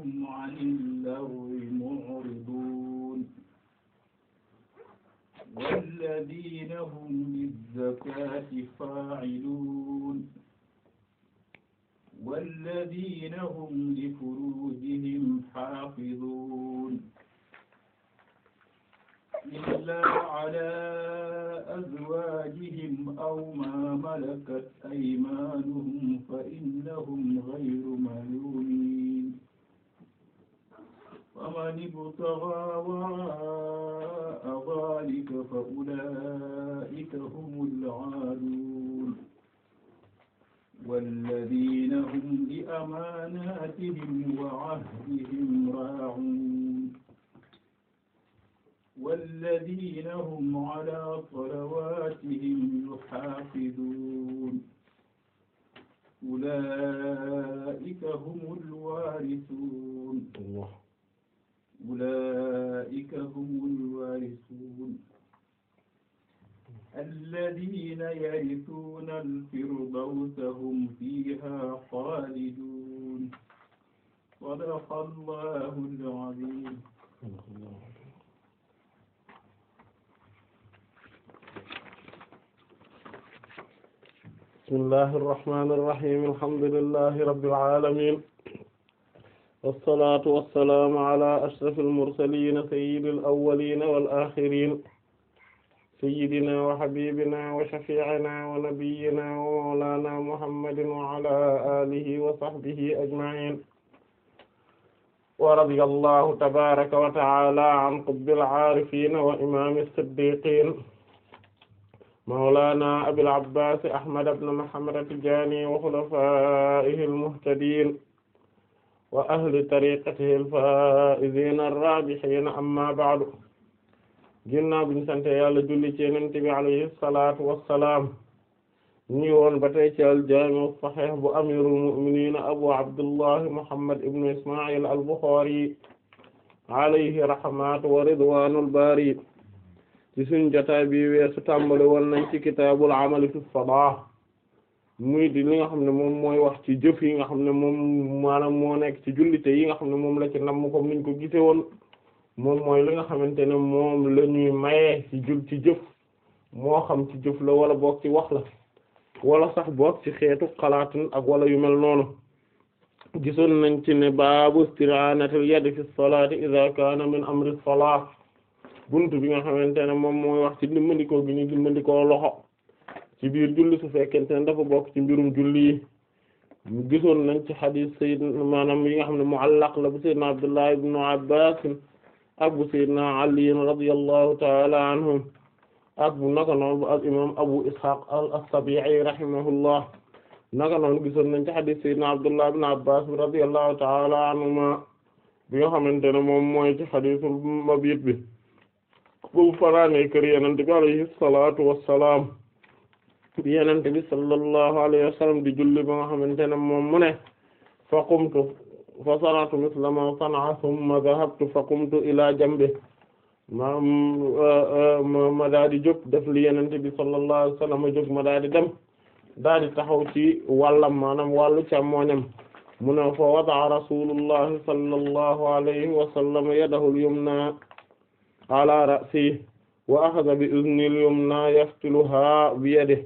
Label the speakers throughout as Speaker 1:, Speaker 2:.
Speaker 1: وهم عن اللغو معرضون والذين هم للزكاة فاعلون والذين هم لفروجهم حافظون إلا على أزواجهم أو ما ملكت أيمانهم فإنهم غير ملومين فمن ابتغى وراء ذلك فأولئك هم العادون والذين هم لأماناتهم وعهدهم راعون والذين هم على صلواتهم يحافظون أولئك هم الوارثون الله أولئك هم الوارثون الذين يرثون الفردوس هم فيها خالدون صدق الله العظيم
Speaker 2: بسم الله الرحمن الرحيم الحمد لله رب العالمين wasalaatu wasalaam ala ashrafil mursaliina sayyidil awwaliina wal aaxiriina sayyidinaa wa habiibinaa wa shafii'inaa wa nabiyyinaa wa mawlaanaa muhammadin wa ala aalihi wa sahbihi ajma'iin. wa radiyallaahu tabaaraka wa ta'aalaa an qutbil aarifiina wa imaami siddiiqiin mawlaanaa abil abbaas ahmad ibn muhammad at-tijaani wa xulafaa'ihil muhtadiin wa ahli tariqatihi al-faa'iziina ar-raabihiina amma ba'du ginnaaw bi ñu sant yàlla julli ci Yonent bi alayhi salaatu wa salaam ñu woon ba tey ci al-jaami' as-sahiih bu amiirul mu'miniina abu abdullahi muhammad ibnu isma'il al-Bukhari alayhi rahmatu wa ridwaanul baari ci suñu jotaay bi weesu tàmbali woon nañ ci kitaabul amali fi as-salaah muy di li nga xam ne moom mooy wax ci jëf yi nga xam ne moom maanaam moo nekk ci jullite yi nga xam ne moom la ci ko comme niñ ko gisee woon moom mooy li nga xamante ne moom la ñuy mayee ci jul ci jëf moo xam ci jëf la wala boog ci wax la wala sax boog ci xeetu xalaatin ak wala yu mel noonu gisoon nañ ci ne baabu istiraanatil yadi fi salaati idha kaana min amri salaat bunt bi nga xamante ne moom mooy wax ci dimbandikoo gi ñu dimbandikoo loxo ci biir julli su fekkente ne dafa bokk ci mbirum julli gisoon nañ ci xadiis sayyidina maanaam yi nga xam ne muallaq la bu sayyidina Abdullah ibn Abbas ak bu sayyidina Ali radiyallahu ta'ala anhum ak bu naka noonu bu al imam Abu Ishaq as-Sabi'i rahimahullah naka noonu gisoon nañ ci xadiis sayyidina Abdullah ibn Abbas radiyallahu ta'ala anhuma bi nga xamante ne moom mooy ci xadiisul mabit bi bu fanaanee kër Yonent bi alayhi salaatu wassalaam yenente bi sallallahu alayhi wa di julli ba nga xamante ne moom mu ne fa qumtu fa sana'tu misla ma sana'a thumma dhahabtu fa qumtu ila jambi ma ma daa di jóg def li yenente bi sallallahu alayhi wa sallam ma daa di dem daa di taxaw ci wàllam maanaam wàllu càmmooñam mu ne fa wada'a rasulullahi sallallahu alayhi wa sallam ala ra'sihi wa axada bi uznil yumna yaxtiluha bi yadihi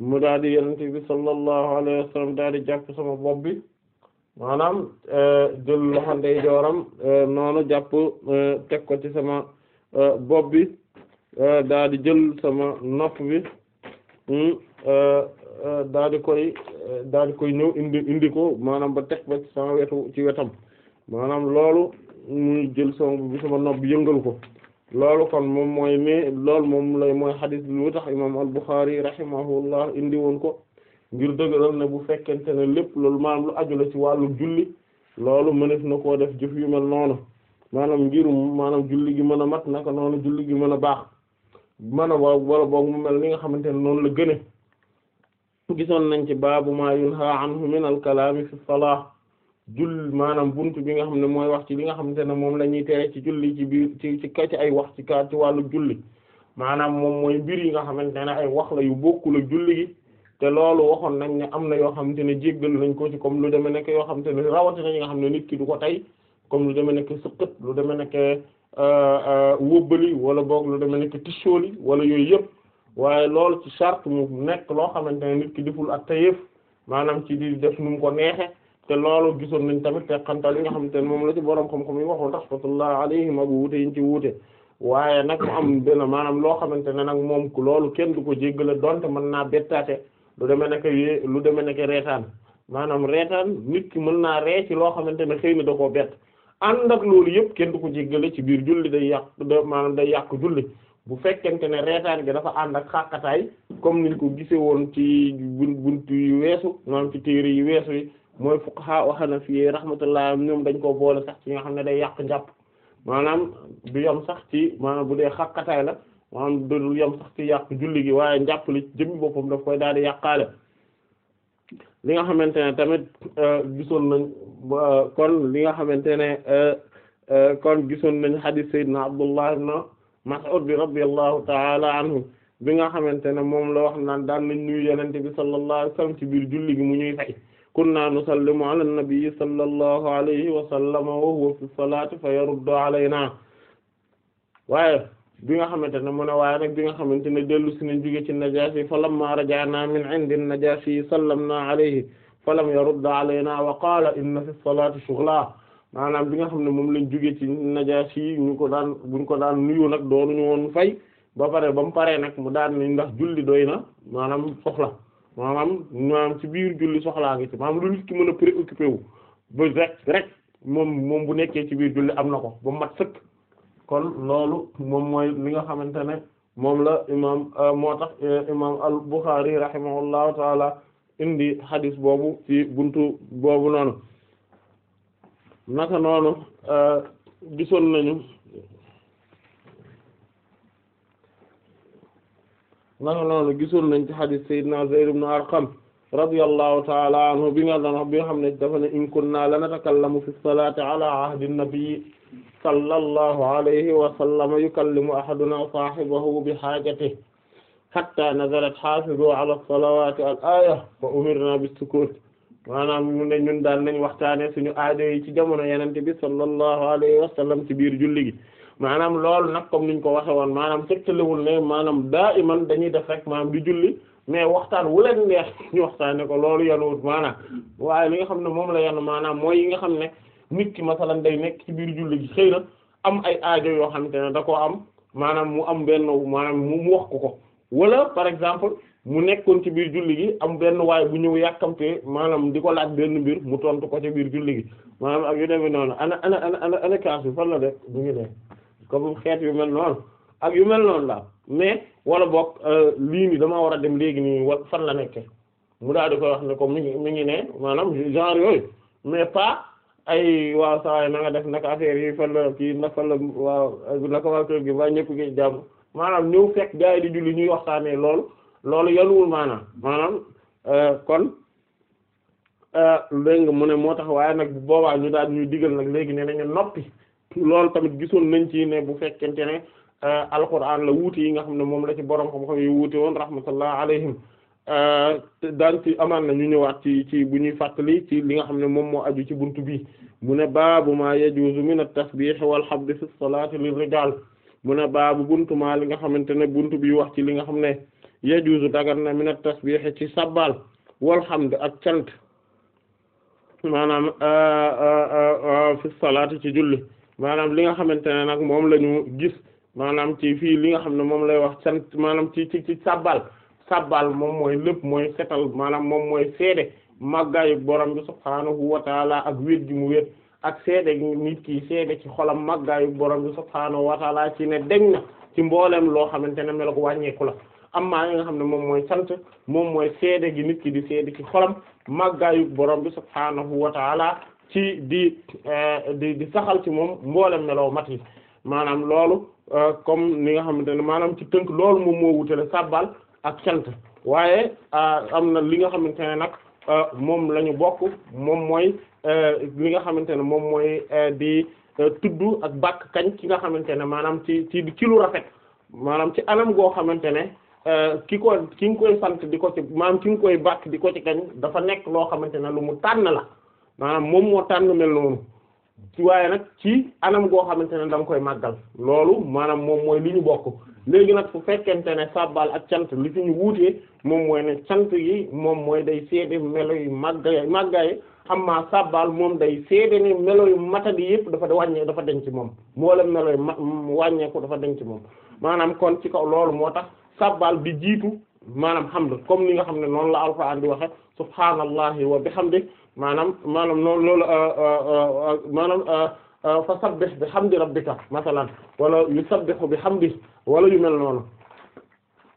Speaker 2: mu daal di yonent bi sallallahu alayhi wa sallam daal di jàpp sama bopp bi maanaam e, jël loxo ndeyjooram e, noonu jàpp e, teg ko ci sama bopp bi daal di jël sama nopp bi hmm, daal di koy daal di koy ñëw indi indi ko maanaam ba teg ba ci wetu ci wetam maanaam loolu muy jël sama bi sama nopp yëngal ko. loolu kon moom mooy mais loolu moom lay mooy xadis lu tax imam al-Bukhari rahimahullah indi woon ko ngir dëgëral ne bu fekkente ne lépp loolu maanaam lu aju la ci wàllu julli loolu mëneef na koo def jëf yu mel noonu maanaam ngirum maanaam julli gi mën a mat naka noonu julli gi mën a baax mën a wa wala boog mu mel ni nga xamante ne noonu la gëne gisoon nañ ci baabu ma yunha anhu min al fi salah jull maanaam buntu bi nga xam ne mooy wax ci li nga xamante ne moom la ñuy tere ci julli ci biir ci ci ci ay wax ci ka ci wàllu julli maanaam moom mooy mbir yi nga xamante ne ay wax la yu bokkul ak julli gi te loolu waxoon nañ ne am na yoo xamante ne jéggal nañ ko ci comme lu demee nekk yoo xamante ne rawatina ñi nga xam ne nit ki du ko tey comme lu demee nekk sëqët lu demee nekk euh, euh, wóbbali wala boog lu demee nekk tissooli wala yooyu yëpp waaye lool ci charte mu nekk loo xamante ne nit ki deful ak tayeef maanaam ci di def nu ko neexe te loolu gisoon nañ tamit teqantal yi nga xamante ne moom la ci borom xam-xam yi waxoon rahmatullah alayhim ak wuute yiñ ci wuute waaye nag mu am benn maanaam loo xamante ne nag moom loolu kenn du ko jéggale donte mën naa bettaate lu demee nekk yé lu demee nekk reetaan maanaam reetaan nit ki mën naa ree ci loo xamante ne xëy na da koo bett ànd ak loolu yëpp kenn du ko jéggale ci biir julli day yàq da maanaam da yàq julli bu fekkente ne reetaan gi dafa ànd ak xàqataay comme niñ ko gise woon ci buntu yu weesu maanaam ci weesu yi mooy fuqaha wa hanafi rahmatullah ñoom dañ koo boole sax ci nga xam ne day yàq njàpp maanaam du yem sax ci maanaam bu dee xàqataay la maanaam du yem yàq julli gi waaye njàpp li jëmmi boppam daf daal di yàqaale li nga xamante ne tamit euh, gisoon nañ kon li nga xamante ne euh, euh, kon gisoon nañ hadith sayyidina Abdullah ibn Mas'ud bi radiyallahu ta'ala anhu nga xamante ne moom la wax naan daan nañ nuyu yenente bi sallallahu alayhi ci biir julli gi mu ñuy fay kunna nusallimu ala nabi sallallahu alayhi wa sallam wa huwa fi salaati fa yaruddu alaynaa bi nga xamante ne mu ne waaye bi nga xamante ne dellu si nañ jóge ci najaasi fa lamma rajaana min indi najaasi sallamna alayhi fa lam yaruddu alaynaa wa qaala inna fi salaati shughla maanaam bi nga xam ne moom lañ jóge ci najaasi ñu ko daan buñ ko daan nuyu nag doonuñu woon fay ba pare ba mu paree nag mu daan ni ndax julli doy na maanaam soxla maanaam maanaam ci biir julli soxlaa ngi ci maanaam lu nit ki mën a préoccupé wu rek rek moom moom bu nekkee ci biir julli am na ko ba mat sëkk kon loolu moom mooy li nga xamante ne moom la imaam euh, moo tax euh, imaam al Bukhari rahimahullahu taala indi hadis boobu ci buntu boobu noonu naka noonu euh, gisoon nañu naka noonu gisoon nañ ci xadis sayyidina Zayd ibn Arqam radiyallahu ta'ala anhu bi nga doon bi nga xam ne dafa ne in kunna lanatakallamu fi salati ala ahdi an-nabi sallallahu alayhi wa sallam yukallimu ahaduna sahibahu bi hajatihi hatta nazalat hafizu ala as-salawati al-aya wa umirna bis-sukut maanaam mu ne ñun daan nañ waxtaane suñu aada yi ci jamono yenente bi sallallahu alayhi wa sallam ci biir julli gi maanaam loolu nag comme ñu ko waxe woon maanaam tegtalewul ne maanaam daa iman dañuy def rek maanaam di julli mais waxtaan wu leen neex ñu waxtaane ko loolu yanuwut maanaam waaye li nga xam ne moom la yanu maanaam mooy yi nga xam ne nit ki masalan day nekk ci biir julli gi xëy na am ay aajo yoo xam ne da koo am maanaam mu am benn maanaam mu wax ko ko wala par exemple mu nekkoon ci biir julli gi am benn waaye bu ñëw yàkkamtee maanaam di ko laaj benn mbir mu tontu ko ci biir julli gi maanaam ak yu demee noonu ana ana ana ana kaas bi fan la de bu ngi ne comme xeet yu mel noonu ak yu mel noonu laa mais wala boog euh, lii nii damaa war a dem léegi nii wa fan la nekke mu daal di koy wax ne comme mi ngi mi ngi ne maanaam genre yooyu mais pas ay waaw sawaay na def naka affaire yi fan la kii nag fan la waaw naka waa kër gi ba ñëpp gi jàmm maanaam ñëw fekk gars yi di julli ñuy waxtaanee loolu loolu yanuwul maanaam maanaam euh, kon euh, dégg nga mu ne moo tax waaye nag boobaa ñu daal ñuy digal nag léegi ne nañu noppi loolu tamit gisoon nañ ci ne bu fekkente ne euh, alquran la wuute yi nga xam ne moom la ci borom xam-xam yi wuute woon rahmatullah alayhim euh, daan ci amaan na ñu ñëwaat ci ci bu ñuy fàttali ci li nga xam ne moom moo aju ci buntu bi mu ne baabu maa yajuzu min a tasbih wal hamd fi salati lil rijal mu ne baabu buntu maa li nga xamante ne buntu bi wax ci li nga xam ne yajuzu dagan na min at-tasbih ci sabbal wal hamd ak cant maanaam euh, fi salati ci julli maanaam li nga xamante ne nag moom la ñu gis maanaam ci fii li nga xam ne moom lay wax sant maanaam ci ci ci sabbal sabbal moom mooy lépp mooy setal maanaam moom mooy seede màggaayu borom bi subhaanahu wa taala ak wét gi mu wét ak seede nit ki seede ci xolam màggaayu borom bi subhaanahu wa taala ci ne deñ na ci mboolem loo xamante ne mel ko wàññeeku la amma yi nga xam ne moom mooy sant moom mooy seede gi nit ki di seede ci xolam màggaayu borom bi subhaanahu wa taala ci di eh, di di saxal ci moom mboolem melaw mat yi maanaam loolu eh, comme li nga xamante ne maanaam ci tënk loolu moom moo wutale sabbal ak cant waaye eh, am na li nga xamante ne nag moom lañu bokk moom mooy li nga xamante ne moom mooy di tudd ak bàkk kañ ki nga xamante ne maanaam ci ci ci lu rafet maanaam ci anam goo xamante ne ki ko ki nga koy sant di ko ci maanaam ki nga koy bàkk di ko ci kañ dafa nekk loo xamante ne lu mu tànn la maanaam moom moo tànn mel noonu ci waaye nag ci anam goo xamante ne danga koy màggal loolu maanaam moom mooy li ñu bokk léegi nag fu fekkente ne sabbal ak cant li fi ñu wuutee moom mooy ne cant yi moom mooy day seede melo yu màggaay màggaay amma sabbal moom day seede ne melo yu matadi yëpp dafa wàññee dafa denc moom mboolem melo yu ma wàññeeku dafa denc moom maanaam kon ci kaw loolu moo tax sabbal bi jiitu maanaam hamd comme ni nga xam ne noonu la alxuraan di waxe subhaanallahi wa bihamdihi maanaam maanaam noonu loolu euh, euh, euh, maanaam fa sabbih bi hamdi rabbika masalan wala yusabbihu bi xam di wala yu mel noonu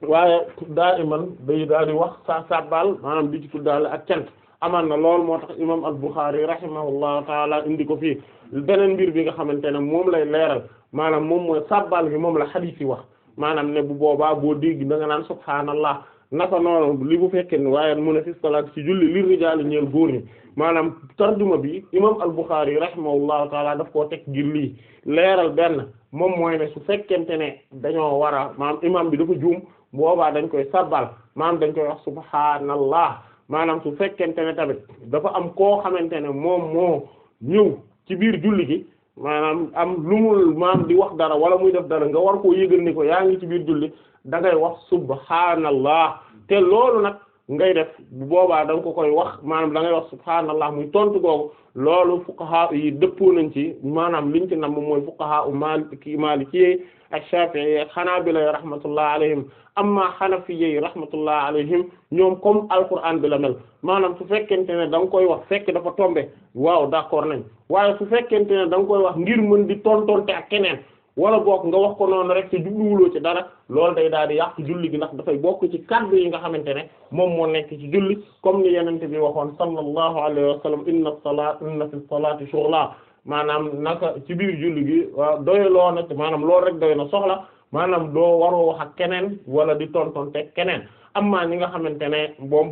Speaker 2: waaye daiman day daal di wax sa sabbal maanaam di ci tuddaale ak cant amaan na loolu moo tax imam al-Bukhari rahimahullahu taala indi ko fii beneen mbir bi nga xamante ne moom lay leeral maanaam moom mooy sabbal bi moom la hadith yi wax maanaam ne bu boobaa boo dégg da nga naan subhaanallah naka noonu li bu fekkee ne waaye mu ne fi salaat ci julli li rijaali ñeel góor ñi maanaam tarjuma bi imam al-Bukhari rahimahullahu taala daf koo teg ngir lii leeral benn moom mooy ne su fekkente ne dañoo war a maanaam bi dafa juum boobaa dañ koy sabbal maanaam dañ koy wax subhaanallah maanaam su fekkente ne tamit dafa am koo xamante ne moom moo ñëw ci biir julli gi maanaam am lu mu maam di wax dara wala muy def dara nga war koo yëgal ni ko yaa ngi ci biir julli da ngay wax subhanallah te loolu nag ngay def bu boobaa da nga ko koy wax maanaam da ngay wax subhanallah muy tontu kooku loolu fuqaha yi dëppoo nañ ci maanaam liñ ci nam mooy fuqaha u maliki maliki ak shafi'i ak xanaabila rahmatullah alayhim amma xanafiyyi rahmatullah alayhim ñoom comme alquran bi la maanaam su fekkente ne da nga koy wax fekk dafa tombe waaw d'accord nañ waaye su fekkente ne da nga koy wax ngir mën di tontonte ak keneen wala boog nga wax ko noonu rek te jubluwuloo ci dara loolu day daal di yàq julli gi ndax dafay bokk ci kaddu yi nga xamante ne moom moo nekk ci julli comme ni yenente bi waxoon sallallahu alayhi wa sallam inna salata inna fi salati shughla maanaam naka ci biir julli gi waaw doyloo na maanaam loolu rek doy na soxla maanam doo waroo wax ak keneen wala di te keneen amma ñi nga xamante ne moom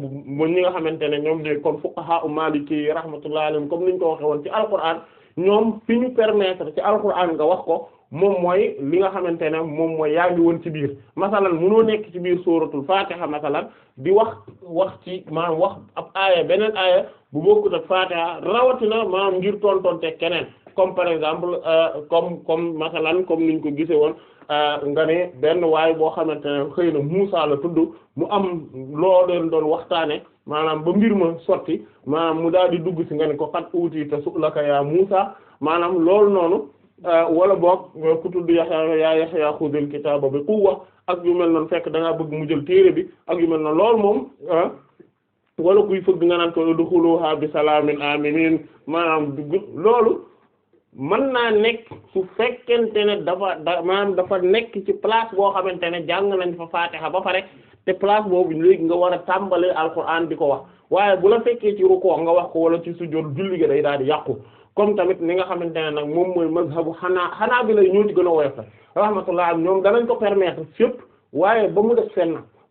Speaker 2: ñi nga xamante ne ñoom ñooy kon fuqaha u maliki rahmatullahi alayhim comme niñ ko waxe woon ci alquran ñoom fi ñu permettre ci alquran nga wax ko moom mooy li nga xamante ne moom mooy yaa ngi woon ci biir masalan munoo nekk ci biir sóoratul fatiha masalan di wax wax ci maanaam wax ab aaya beneen aaya bu bokkut ak fatiha rawatina maanaam ngir te keneen comme par exemple euh, comme comme masalan comme niñ ko gisee woon euh, nga ne benn waaye boo xamante ne xëy na Muusaa la tudd mu am loo leen doon waxtaane maanaam ba mbir ma sotti maanaam mu daal di dugg ci nga ne ko xat uuti te su la ko yaa maanaam loolu noonu Euh, wala boog euh, ku tudd Yaxya yaa Yaxya xudil kitaaba bi quwwa ak yu mel noonu fekk da bëgg mu jël téere bi ak yu mel na loolu moom ah, wala kuy fëgg nga naan ko duxuluha bi salaamin aminin maanaam loolu mën naa nekk su fekkente ne dafa da maanaam dafa nekk ci place boo xamante ne jàng nañ fa Fatiha ba pare te place boobu léegi nga war a tàmbale Alquran di ko wax waaye bu la fekkee ci ruku nga wax ko wala ci sujjóot julli gi day daal di yàqu comme tamit li nga xamante ne nag moom mooy mazhabu xanaa xanaa bi lay ñoo ci gën a woyof la rahmatullah ñoom danañ fépp waaye ba mu def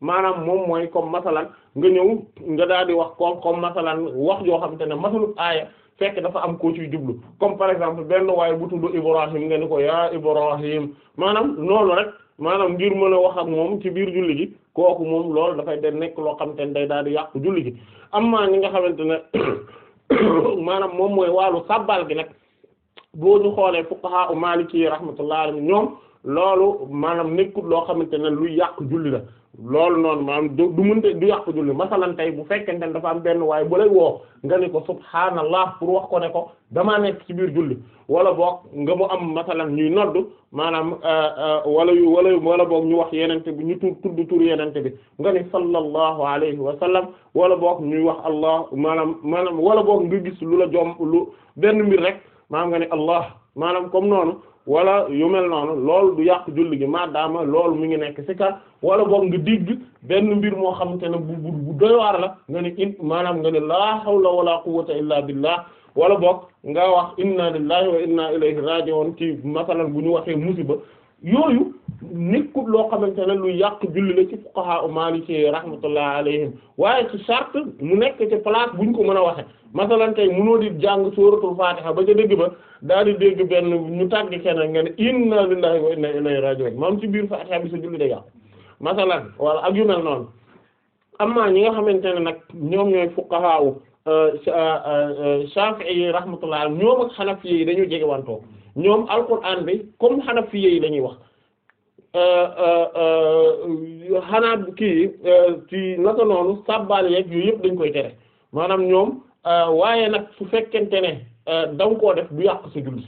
Speaker 2: maanaam moom mooy comme masalan nga ñëw nga daal di wax comme comme masalan wax joo xamante ne masalu aaya fekk dafa am koo ciy jublu comme par exemple benn waaye bu tudd Ibrahim nga ni ko yaa Ibrahim maanaam noonu rek maanaam ngir mën a wax ak moom ci biir julli gi kooku moom loolu dafay de nekk loo xamante ne day daal di yàq julli gi am maa ñi nga xamante ne maanaam moom mooy wàllu sabbal gi nag boo ñu xoolee fuqaha u Maliki rahmatullah alayhim ñoom loolu maanaam nekkut loo xamante ne lu yàq julli la loolu noonu maanaam du mënte du yàq julli masalan tey bu fekkente ne dafa am benn waaye bu lay woo nga ne ko subhaanallah pour wax ko ne ko damaa nekk ci biir julli wala boog nga mu am masalan ñuy nodd maanaam euh, euh, wala yu wala wala boog ñu wax yenente bi ñu tur tudd tur yenente bi nga ne sallallahu alayhi wa sallam wala boog ñuy wax allah maanaam maanaam wala boog nga gis lu la joom lu benn mbir rek maanaam nga ne allah maanaam comme noonu wala yu mel noonu loolu du yàq julli gi maadaama lool mu ngi nekk sikar wala boog nga digg benn mbir moo xamante ne bu bu doy waar la nga ne in maanaam nga ne laa hawla wala quwwata illa billah wala boog nga wax inna lillahi wa inna ilayhi raji'un ci masalan bu ñu waxee musiba yooyu nekkul loo xamante ne lu yàq julli la ci fuqaha maliki rahmatullah alayhim waaye ci charte mu nekk ci place buñ ko mën a waxe masalan mu mënoo di jàng suratul fatiha ba ca dégg ba daal di dégg benn ñu tàgg keneen nga ne inna lillahi wa inna ilayhi raji'un maam ci biir fatiha bi sa julli day yàq masalan wala ak yu mel noonu amma ñi nga xamante ne nag ñoom ñooy fuqaha wu euh, shafi'i euh, euh, yi rahmatullah ñoom ak xanafi yi dañu jege wantoo ñoom alquran bi comme Hanafi yi lañuy ñuy wax xanaa euh, euh, euh, kii ci naka noonu sàbbaal yeeg yooyu yëpp dañ koy tere maanaam ñoom waaye nag su fekkente ne da nga koo def bu yàq sa julli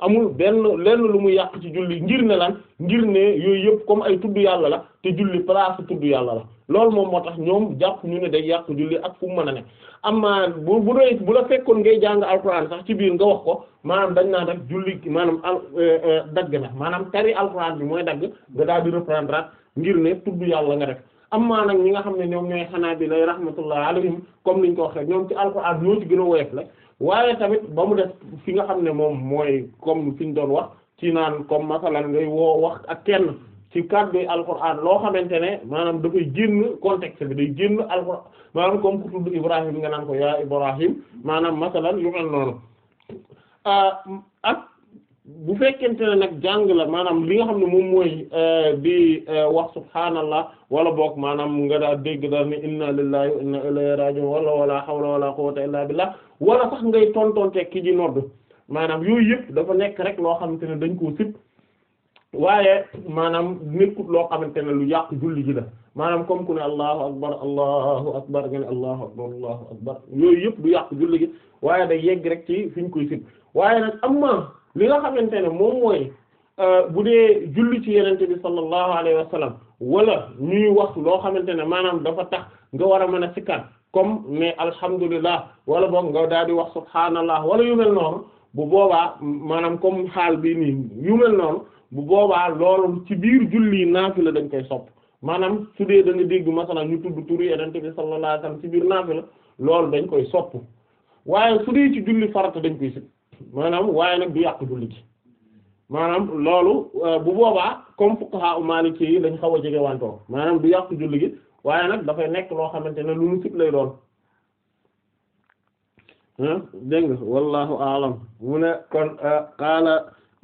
Speaker 2: amul benn lenn lu mu yàq ci julli ngir ne lan ngir ne yooyu yëpp comme ay tudd yàlla la te julli place tudd yàlla la loolu moom moo tax ñoom jàpp ñu ne day yàq julli ak fu ma a ne amaa bu bu doy bu la fekkoon ngay jàng alxuraan sax ci biir nga wax ko maanaam dañ naan rek julli maanaam al euh, euh, dagg na maanaam tari alxuraan bi mooy dagg nga daal di reprendre ngir ne tudd ma nga def amaa nag ñi nga xam ne ñoom ñooy xanaa bi lay rahmatullah alayhim comme ñu ko waxee ñoom ci alxuraan ñoo ci gën a woyof la. waaye tamit ba mu def fi nga xam ne moom mooy comme fi ñu doon wax ci naan comme masalan ngay woo wax ak kenn ci kàddu alquran loo xamante ne maanaam dafay génn contexte bi day génn alquran maanaam comme ku nga naan ko yaa Ibrahim maanaam masalan yu mel noonu ah, ak bu ne nag jàng la maanaam li nga xam ne moom mooy eh, di eh, wax subhaanallah wala boog maanaam nga daa dégg daal ne inna lillahi wa inna ilayhi wala wala hawla wala quwwata illa billah wala sax ngay te ki ji nodd maanaam yooyu yëpp dafa nekk rek loo xamante ne dañ koo sib waaye maanaam nekkut loo xamante ne lu yàq julli ji la maanaam comme ku ne allahu akbar allahu akbar nga ne allahu akbar allahu yëpp du yàq julli gi waaye day yegg rek ci fi koy sib waaye nag amma li nga xamante ne moom mooy euh, bu dee julli ci yenente bi sallallahu alayhi wa sallam ñuy wax loo xamante ne maanaam dafa tax nga war a mën a sikkaat comme mais alhamdulillah wala boog nga daal di wax subhaanallah wala yu mel noonu bu boobaa maanaam comme xaal bi nii yu mel noonu bu boobaa loolu ci biir julli la dañ koy sopp maanaam su dee da nga dégg masalan ñu tudd turu Yonent bi sallallahu alayhi wasallam ci biir naafila loolu dañ koy sopp waaye su dee ci julli farata dañ koy sib maanaam waaye nag du yàq julli ci maanaam loolu euh, bu boobaa comme fuqaha u Maliki yi lañ xaw a jege wantoo maanaam du yàq julli waaye nag dafay nekk loo xamante ne lu mu sib lay doon dégg nga wallahu a'lam mu ne kon euh, qaala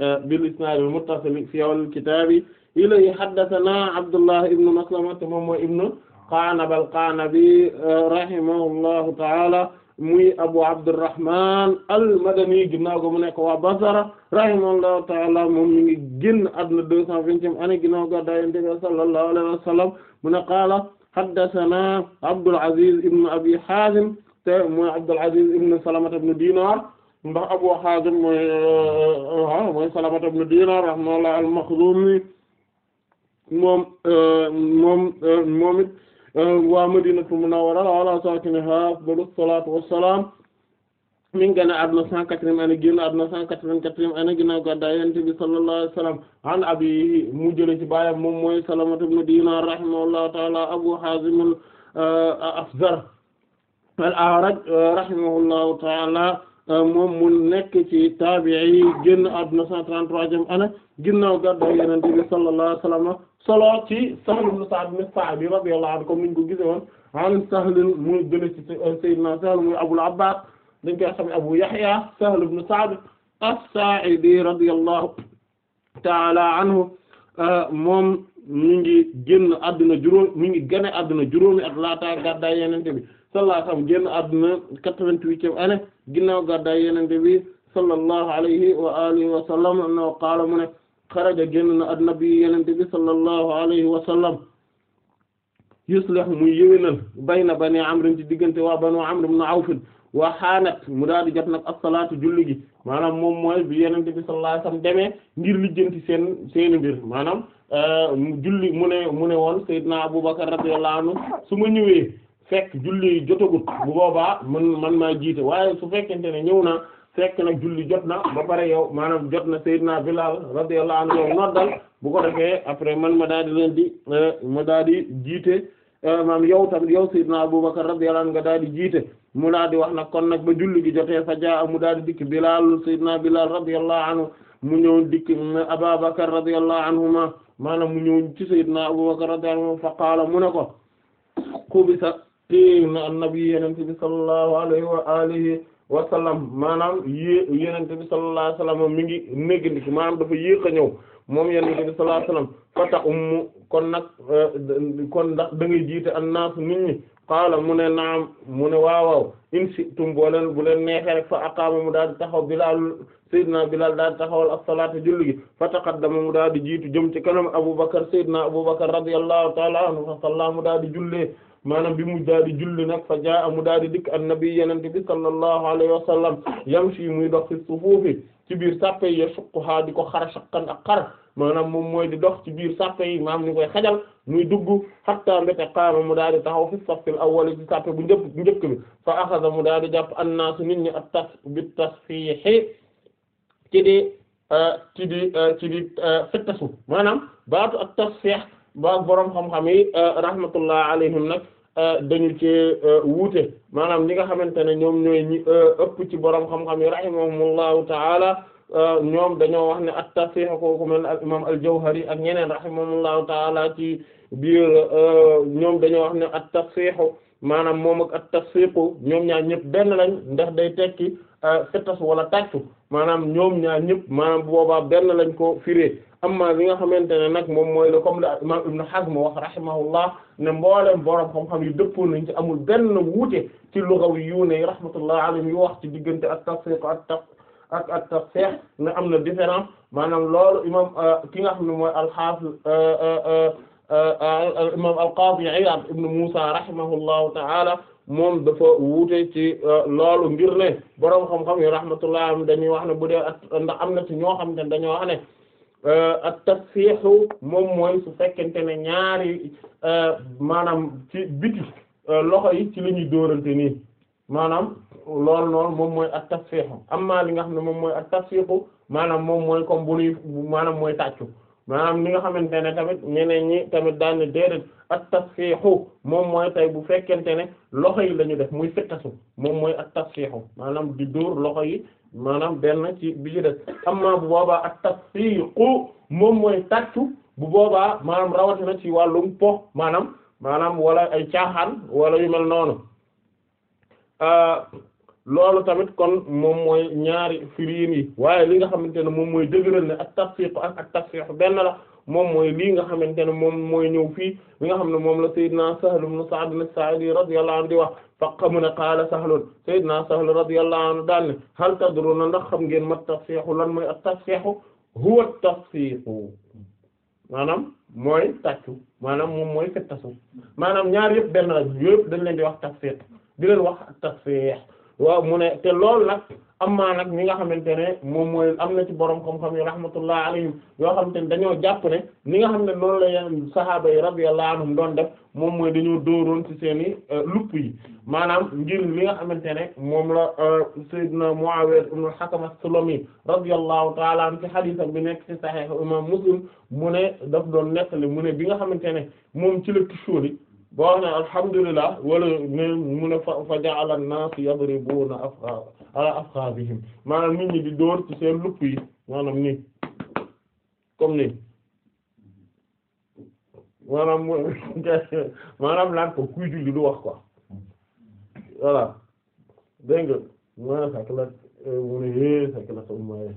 Speaker 2: euh, bil isnaad al muttasil fi awal kitaabi ilayhi haddathana abdullah ibnu maslama te moom mooy ibnu qanab al qanabi euh, rahimahullahu ta'ala muy abu abdurrahman al madani ginnaaw ga mu nekk waa basara rahimahullahu ta'ala moom mi ngi génn àdduna deux cent vingtième année ginnaaw ga daa yonent bi sallallahu alayhi wa sallam mu ne qaala haddathana Abdul Aziz ibn Abi Hazim te mooy Abdul Aziz ibn Salamata ibn Dinar ndax Abu Hazim mooy mooy Salamata ibn Dinar rahimahullah al-Makhzumi moom moom moom it waa Madinatu Munawwara ala sakiniha afdalu salaatu wassalaam mi ngi gën a adduna cent quatrième année génn adduna cent quatre-vingt-quatrième année ginnaaw gàddaay Yonent bi sallallahu alayhi wa sallam an abiihi mu jële ci baayam moom mooy Salamatu ibn Dinar rahimahullahu ta'ala Abu Hazim al-Afzar al-A'raj rahimahullahu ta'ala moom mu nekk ci taabi'i génn adduna cent trente-troisième année ginnaaw gàddaay Yonent bi sallallahu alayhi wa sallam solo ci Sahl ibn Sa'd ibn Sa'di radiyallahu anhu comme niñ ko gisee woon an Sahl mu jële ci Sayyidina Sahl muy Abul Abbas dañ koy xamee Abu Yahya Sahl ibn Sa'd as-Sa'idi taala anhu moom mi ngi génn àdduna juróom mi ngi gane àdduna juróomi at laata gàddaay yenente bi sallallahu alayhi wasallam génn àdduna quatre-vingt-huitième année ginnaaw gàddaay yenente bi sallallahu alayhi wa alihi wa sallam no qaala mu ne xaraja génn na annabi yenente bi sallallahu alayhi wa sallam yuslih muy yëwénal bayna bani amrin diggante waa banu amr ibn awf wa xaanat mu daal di jot nag as-salaatu julli gi maanaam moom mooy bi yenente bi sallallahu alayhi wasallam demee ngir lijjanti seen seeni mbir maanaam euh, julli mu ne mu ne woon Seydina Abubakar radiyallahu anhu su ma ñëwee fekk julli jotagut bu boobaa man man maa jiite waaye su fekkente ne ñëw na fekk na julli jot na ba pare yow maanaam jot na Seydina Bilal radiyallahu anhu yow noddal bu ko defee après man ma daal di leen di euh, ma daal di jiite maam yow tamit yow sayyidna Abubakar radiyallahu anhu nga daal di jiite mu daal di wax nag kon nag ba julli gi jotee fa jaa mu daal di dikk Bilaal sayyidna Bilaal radiyallahu anhu mu ñëw dikk Abubakar radiyallahu anhuma maanaam mu ñëw ci sayyidna Abubakar radiyallahu anhu fa qaala mu ne ko xubisa téeg na annabi yenente bi sallallahu alayhi wa alihi wa sallam maanaam yé yenente bi sallallahu alayhi wa sallam mi ngi néggandik maanaam dafa yéex a ñëw moom yonent bi sallallahu alayhi wasallam fa ummu kon nag eh, kon ndax da ngay jiite annaasu nit ñi qaala mu ne naam mu ne waawaaw in situm boo leen bu leen neexee rek fa aqaama mu daal di taxaw Bilaal Seydina Bilaal daal di taxawal as-salaata julli gi fa taqaddama mu daal di jiitu jëm ci kanam Abu Bakar Seydina Abu Bakar radiyallahu ta'ala anhu fa salla mu daal di jullee maanaam bi mu daal di julli nag fa jaa mu daal di dikk annabi yenente bi sallallahu alayhi wa sallam yamshi muy dox fi sufuufi ci biir sàppe yi yashuqquha di ko xara shaqan ak xar maanaam moom mooy di dox ci biir sàppe yi maam ni koy xajal muy dugg hatta mbéte qaama mu daal di taxaw fi saffil awwal ci sàppe bu njëkk njëkk bi fa axasa mu daal di jàpp annaasu nit ñi ak tas bi tasfiihi ci di euh, ci di euh, ci di euh, fettasu maanaam baatu ak tasfiih ba boroom xam-xam yi rahmatullah alayhim nag Euh, dañu cee euh, wuute maanaam ñi nga xamante ne ñoom ñooy ñi euh, ëpp ci borom xam-xam yi rahimahumullahu taala ñoom dañoo wax ne at-tasih ko ku mel ne al imam al-Jawhari ak ñeneen rahimahumullahu taala ci biir ñoom dañoo wax ne at-tasih maanaam moom ak at-tasfiq ñoom ñaar ñëpp benn lañ ndax day tekki fetas wala tàccu maanaam ñoom ñaar ñëpp maanaam boobaa benn lañ ko firé amma li nga xamante ne nag moom mooy la comme la imam Ibn Hazm wax rahimahullah ne mboolem borom xam-xam yi dëppoo nañ ci amul benn wuute ci lughawiyuun yi rahmatullah alayhim yu wax ci diggante ak tafsiq ak taf ak ak tafsiq ne am na différence maanaam loolu imam euh, ki nga xam ne mooy al-Hafiz euh, euh, imam al-Qadi Iyad ibn Musa rahimahullahu ta'ala moom dafa wuute ci loolu ngir ne borom xam-xam yi rahmatullah dañuy wax ne bu dee ndax am na ci ñoo xam ne dañoo wax ne Euh, ak tasfiixu moom mooy su fekkente ne ñaari euh, maanaam ci biti euh, loxo yi ci la ñuy dóorante nii maanaam lool noonu moom mooy ak am amma li nga xam ne moom mooy ak tasfiixu maanaam moom mooy comme bu nuy maanaam mooy tàccu maanaam li nga xamante ne tamit ñeneen ñi tamit daan na déedéet ak tasfiixu moom mooy tey bu fekkente ne loxo yi la ñu def muy fittasu moom mooy ak tasfiixu maanaam di dóor loxo yi maanaam benn ci bi ci des amma bu boobaa ak tasfiiqu moom mooy tàccu bu boobaa maanaam rawatina ci wàllum po maanaam maanaam wala ay caaxaan wala yu noonu ah, loolu tamit kon moom mooy ñaari firiin yi waaye li nga xamante ne moom mooy dëgëral ne ak tasfiiqu ak ak tasfiiqu benn la moom mooy lii nga xamante ne moom mooy ñëw fii li nga xam ne moom la sayyidna Sahl ibn Sa'd as-Sa'idi radiyallahu anhu di wax faqa mu ne qaala sahlun sayyidina sahl radiyallahu anhu daan ne hal tadruna ndax xam ngeen ma tafsihu lan mooy ak tafsihu huwa tafsihu maanaam mooy tàccu maanaam moom mooy fettasu maanaam ñaar yëpp benn la yëpp dañ leen di wax tafsih di leen wax tafsih waaw mu ne te loolu nag amma nag ñi nga xamante ne moom mooy am na ci borom xam-xam yi rahmatullah alayhim yoo xamante ne dañoo jàpp ne ni nga xam ne noonu la yenn sahaaba yi radiyallahu anhum doon def moom mooy dañoo dóoroon ci seeni euh, lupp yi maanaam ngir li nga xamante ne moom la euh, sayyidna Muawiya ibn al-Hakam as-Sulami radiyallahu ta'ala an ci hadith bi nekk ci sahih imam Muslim mu ne daf doon nettali mu ne bi nga xamante ne moom ci la tusóori boo wax ne alhamdulilah wala mu ne fa fa ja'ala an-nas yadribuna afxa ala afxabihim maanaam nit ñi di dóor ci seen lupp yi maanaam nii comme nii maanaam maanaam ko kuy julli du wax quoi voilà dégg nga maanaam sakk la euh, mu ne é eh, sakk la sam eh,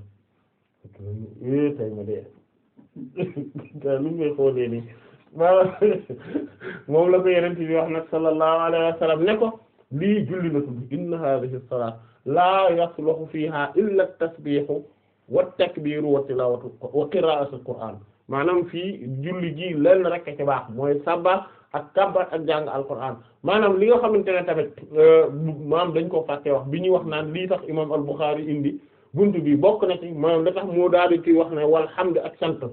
Speaker 2: dee ga luñ koy maanaam moom la ko yeneen bi wax nag sallallahu alayhi wa ne ko lii julli na tudd inna hadhihi salat laa yasluhu fiha illa tasbihu wa takbiru wa tilawatu wa qira'atu alquran maanaam fii julli jii lenn rek ci baax mooy sabba ak kabbar ak jàng alquran maanaam li nga xamante ne tamit euh, maanaam dañ ko fàtte wax bi ñuy wax naan lii tax imam al-Bukhari indi buntu bi bokk na ci maanaam da tax moo daal di ci wax ne walhamdu ak sant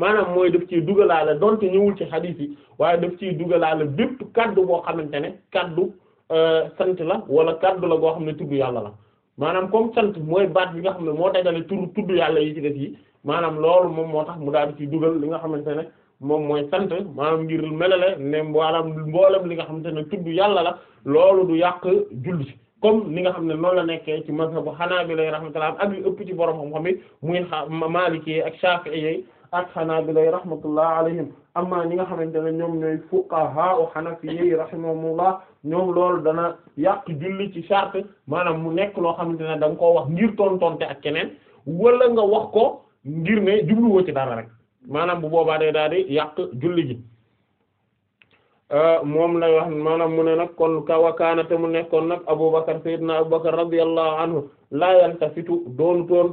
Speaker 2: maanaam mooy daf ciy dugalaale donte ñëwul ci xadiis yi waaye daf ciy dugalaale bépp kaddu boo xamante ne kaddu euh, sant la wala kaddu la goo xam ne tudd yàlla la maanaam comme sant mooy baat bi nga xam ne moo dajale tur tudd yàlla yi ci def yi maanaam loolu moom moo tax mu daal di ciy dugal li nga xamante ne moom mooy sant maanaam ngir melale ne maanaam mboolem li nga xamante ne tudd yàlla la loolu du yàq julli comme li nga xam ne noonu la nekkee ci xanaa lay Hanaabila rahmatullah ak li ëpp ci borom xam-xam yi muy Maliki ak Shafi'i ak xanaabilay rahmatullah alayhim amma ñi nga xamante ne ñoom ñooy fuqaha wa hanafiyyi rahimahumullah ñoom lool dana yàq julli ci charte maanaam mu nekk loo xamante ne da nga koo wax ngir tontonte ak keneen wala nga wax ko ngir ne jubluwoo ci dara rek maanaam bu boobaa day daal di yàq julli ji euh, moom lay wax maanaam mu ne nag kon ka te mu nekkoon nag Abubakar sayyidna Abubakar radiyallahu anhu laayantafitu doonu toon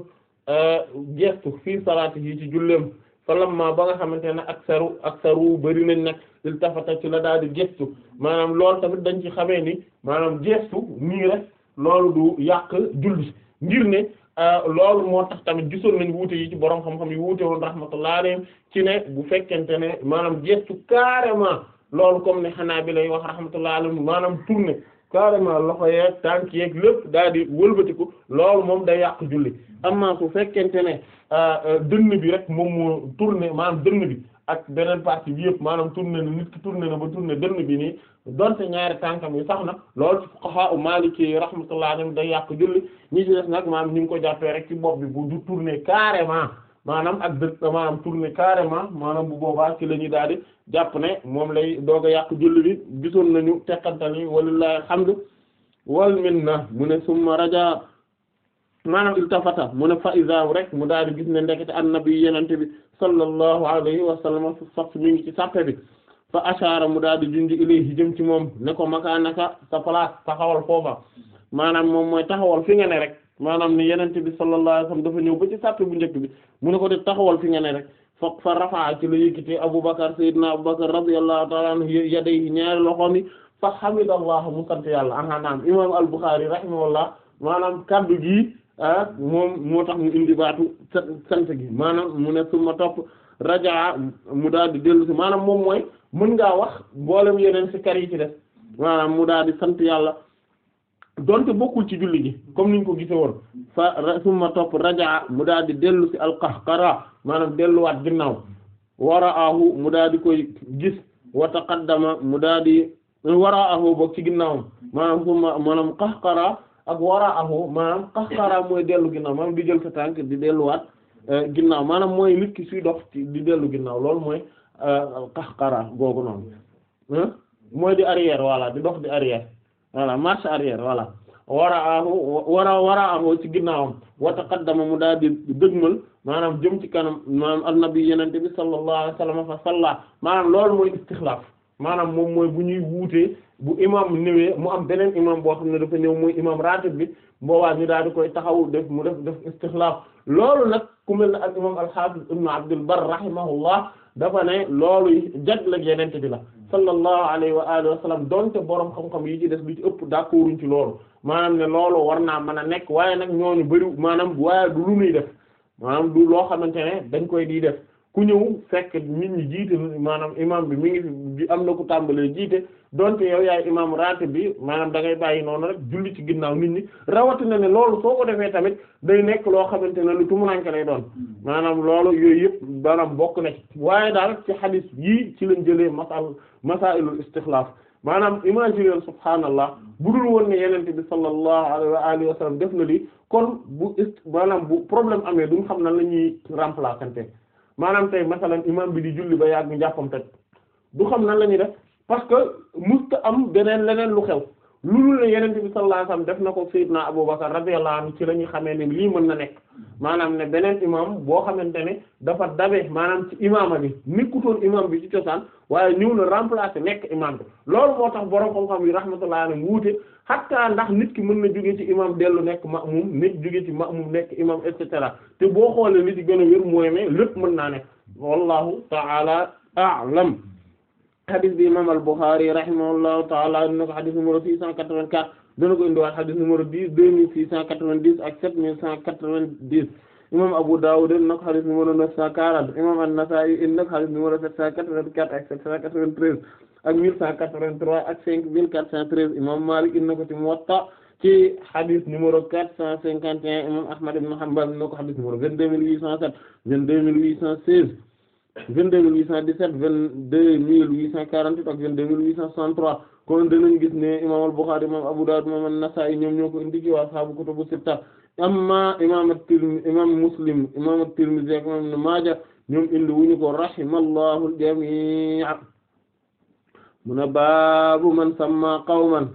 Speaker 2: euh, gestu fii salaati yi ci julleem falamma ba nga xamante ne aksaru aksaru bari nañ nag iltafata ci la daal di gestu maanaam loolu tamit dañ ci xamee ni maanaam gestu nii rek loolu du yàq julli ngir ne euh, loolu moo tax tamit gisoon nañ wuute yi ci borom xam-xam yi wuute woon rahmatullah alayhim ci ne bu fekkente ne maanaam gestu carrément loolu comme ne xanaa bi lay wax rahmatullah alayhim maanaam tourner carrément loxo yeeg tànk yeeg lépp daal di wëlbatiku loolu moom day yàq julli amma su fekkente ne euh, euh, dënn bi rek moom moo tourné maanaam dënn bi ak beneen partie bi yëpp maanaam tourné na nit ki tourné na ba tourné dënn bi nii donte ñaari tànkam yi sax na loolu ci fuqaha maliki rahmatullah alayhim day yàq julli ñi ci des nag maanaam ñu ngi ko jàppee rek ci bopp bi bu du tourné carément maanaam ak dëkk maanaam tourner carrément maanaam bu boobaa ci la ñuy daal di jàpp ne moom lay doog a yàq julli bi gisoon nañu teqantal yi walillahi alhamdu wal minna mu ne summa raja maanaam iltafata mu ne fa iza rek mu daal di gis ne ndekete annabi yenante bi sallallahu alayhi wa sallam fi saff ci sàppe bi fa ashara mu daal di junj jëm ci moom ne ko makaanaka sa place taxawal foofa maanaam moom mooy taxawal fi nga ne rek maanaam ne yenente bi sallallahu alayhi wasallam dafa ñëw ba ci sàppe bu njëkk bi mu ne ko def taxawal fi nga ne rek foog fa rafaa ci la yëkkite Abubakar Seydina Abubakar radiyallahu ta'ala anhu yadayhi ñaari loxoom yi fa hamidallah mu sant yàlla ahanaam imam al-Bukhari rahimahullah maanaam kaddu gi ah, moom moo tax mu indi baatu sant gi maanaam mu ne suma topp rajaa mu daal di dellu si maanaam moom mooy mën ngaa wax boolem yeneen si kar yi ci def maanaam mu daal di sant yàlla donte bokkul ci julli ji comme ñu ko gise woon fa ma topp rajaa mu daal di dellu si alqahqara maanaam delluwaat ginnaaw waraahu mu daal di koy gis wa taqaddama mu daal di waraahu boog ci ginnaawam maanaam summa maanaam qahqara ak waraahu maanaam qahqara mooy dellu ginnaaw maanaam di jël sa tànk di delluwaat eh, ginnaaw maanaam mooy nit ki suy dox di dellu ginnaaw loolu mooy eh, qahqara googu noonu eh, mooy di arrière voilà di dox di arrière voilà marche arrière voilà waraahu wara waraahu ci ginnaawam wa taqaddama mu daal di dëgmal maanaam jëm ci kanam maanaam annabi yenente bi sallallahu alayhi wa sallam fa salla maanaam loolu mooy istixlaaf maanaam moom mooy bu ñuy wuutee bu imam ñëwee mu am beneen imam boo xam ne dafa ñëw mooy imam ratib bi boobaa ñu daal di koy taxawul def mu def def istixlaaf loolu nag ku mel ne al imam al hafiz ibn abdul bar rahimahullah dafa ne loolu jagleeg yenente bi la sallallahu alayhi wa alihi wa sallam donte borom xam-xam yi ci des lu ci ëpp d'accorduñ ci loolu maanaam ne looloo war naa mën a nekk waaye nag ñooñu bëri maanaam waaye du lu nuy def maanaam du loo xamante ne dañ koy di def ku ñëw fekk nit ñi jiite maanaam imam bi mi ngi fi am na ku tàmbalee jiite donte yow yaay imam ratib bi maanaam da bàyyi noonu rek julli ci ginnaaw nit ñi rawatina ne loolu soo ko defee tamit day nekk loo xamante ne lu tumuranke lay doon maanaam loolu yooyu yëpp maanaam bokk na ci waaye daal ci xadis yii ci lañ jëlee masal masailul istixlaaf maanaam imaginer subhaanallah budul woon ne yenente bi sallallahu alayhi wa alihi wa sallam def na lii kon bu ist maanaam bu problème amee duñ xam na la ñuy remplacer maanaam tey masalan imam bi di julli ba yàgg njàppam teg du xam nan la ñuy def parce que musta am beneen leneen lu xew loolu la yeneen bi sallallahu alayhi wasallam def na ko Seydina Abubakar radiyallahu anhu ci la ñu xamee ne lii mën na nekk maanaam ne beneen imam boo xamante ne dafa dabe maanaam ci imama bi nekkutoon imam bi ci cosaan waaye ñëw na remplacer nekk imam bi loolu moo tax borom xam-xam yi rahmatullahi alayhi wuute hatta ndax nit ki mën na jóge ci imam dellu nekk ma'mum nit jóge ci ma'mum nekk imam et cetera te boo xoolee li ci gën mooy ne lépp mën naa nekk wallahu ta'ala a'lam xadis bi imam al-Bukhari rahimahullahu taala dina ko xadis numéro six cent quatre-vingt-quatre dina ko indiwaat xadis numéro dix deux mille six cent quatre-vingt-dix ak sept mille cent quatre-vingt-dix imam Abu Dawud dina ko xadis numéro neuf cent quarante imam an-Nasa'i dina ko xadis numéro sept cent quatre-vingt-quatre ak sept cent quatre-vingt-treize ak mille cent quatre-vingt-trois ak cinq mille quatre cent treize imam Malik dina ko ci Muwatta ci xadis numéro quatre cent cinquante et un imam Ahmad ibn Hanbal dina ko xadis numéro vingt-deux mille huit cent sept vingt-deux mille huit cent seize vingt-deux mille huit cent dix-sept vingt-deux mille huit cent quarante-huit ak vingt-deux mille huit cent soixante-trois kon dinañ gis ne imam al-Bukhari imam Abu Dawud imam an-Nasa'i ñoom ñoo ko indi ci waa saabu kutubu sitta amma imam at-Tirmidhi imam Muslim imam at-Tirmidhi ak imam Ibn Maaja ñoom indi wuñu ko rahimallahu al-jami' muna baabu man samma qawman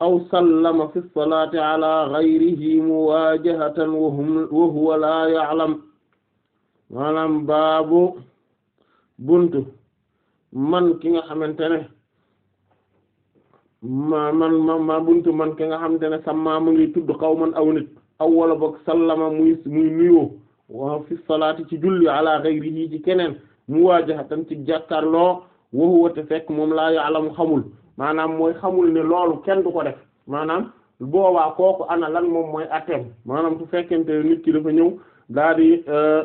Speaker 2: aw sallama fi as-salati ala ghayrihi muwajahatan wa huwa la ya'lam maanaam baabu buntu man ki nga xamante ne ma man ma ma buntu man ki nga xamante ne sama mu ngi tudd man aw nit aw wala boog sallama muy muy nuyoo wa fi salaati ci julli ala ghayrihi ci keneen mu muwaajahatan ci jàkkaarloo wa huwa te fekk moom laa ya'lamu xamul maanaam mooy xamul ne loolu kenn du ko def maanaam boobaa kooku ana lan moom mooy atteem maanaam su fekkente nit ki dafa ñëw daal euh,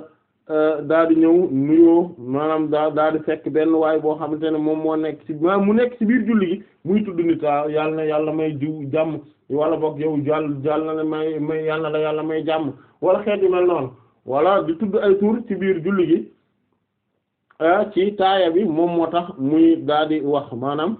Speaker 2: Euh, daa di ñëw nuyoo maanaam daa daa di fekk benn waay boo xamante ne moom moo nekk ci maanaam mu nekk ci biir julli gi muy tudd nit waaw ah, yàlla na yàlla may jiw jàmm wala boog yow jàll jàll na may yàlla la yàlla may jàmm wala xeet yu mel noonu wala di tudd ay tur ci biir julli gi ah, ci taaya bi moom moo tax muy daa di wax maanaam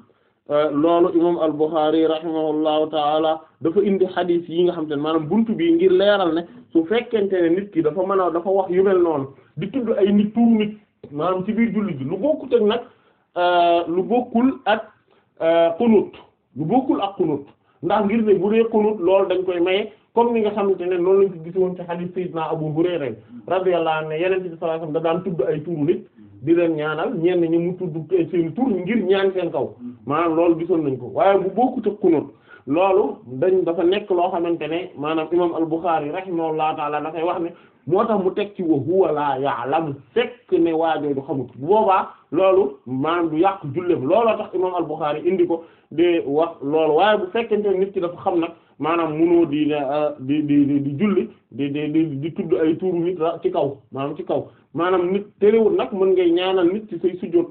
Speaker 2: Euh, loolu imam al-Bukhari rahimahullahu taala dafa indi xadis yi nga xam te ne maanaam buntu bi ngir leeral ne su fekkente ne nit ki dafa mën a dafa wax yu mel noonu di tudd ay nit tuur nit maanaam ci biir jullit bi lu bokkut ak nag euh, euh, lu bokkul ak qunut lu bokkul ak ndax ngir ne bu dee qunut loolu dañ koy maye comme ni nga xamante ne noonu lañ ko gis woon ci xadis Sayyidina Abu Hurayra radiyallahu anhu ne yeneen ci sallallahu alayhi wasallam da daan tudd ay tuur nit di leen ñaanal ñenn ñi mu tudd seen tur ngir ñaan seen kaw maanaam loolu gisoon nañ ko waaye bu bokkut ak loolu dañ dafa nekk loo xamante ne maanaam imam al-Bukhari rahimahullahu taala dafay wax ne moo tax mu teg ci wa huwa la ya'lam fekk ne waajooju xamut bu boobaa loolu maanaam du yàq julleem looloo tax imam al-Bukhari indi ko di wax loolu waaye bu fekkente nit ki dafa xam nag maanaam munoo di euh, di di di julli di di tudd ay tuuru nit ci kaw maanaam ci kaw maanaam nit terewul nag mën ngay ñaanal nit ci say sujjóot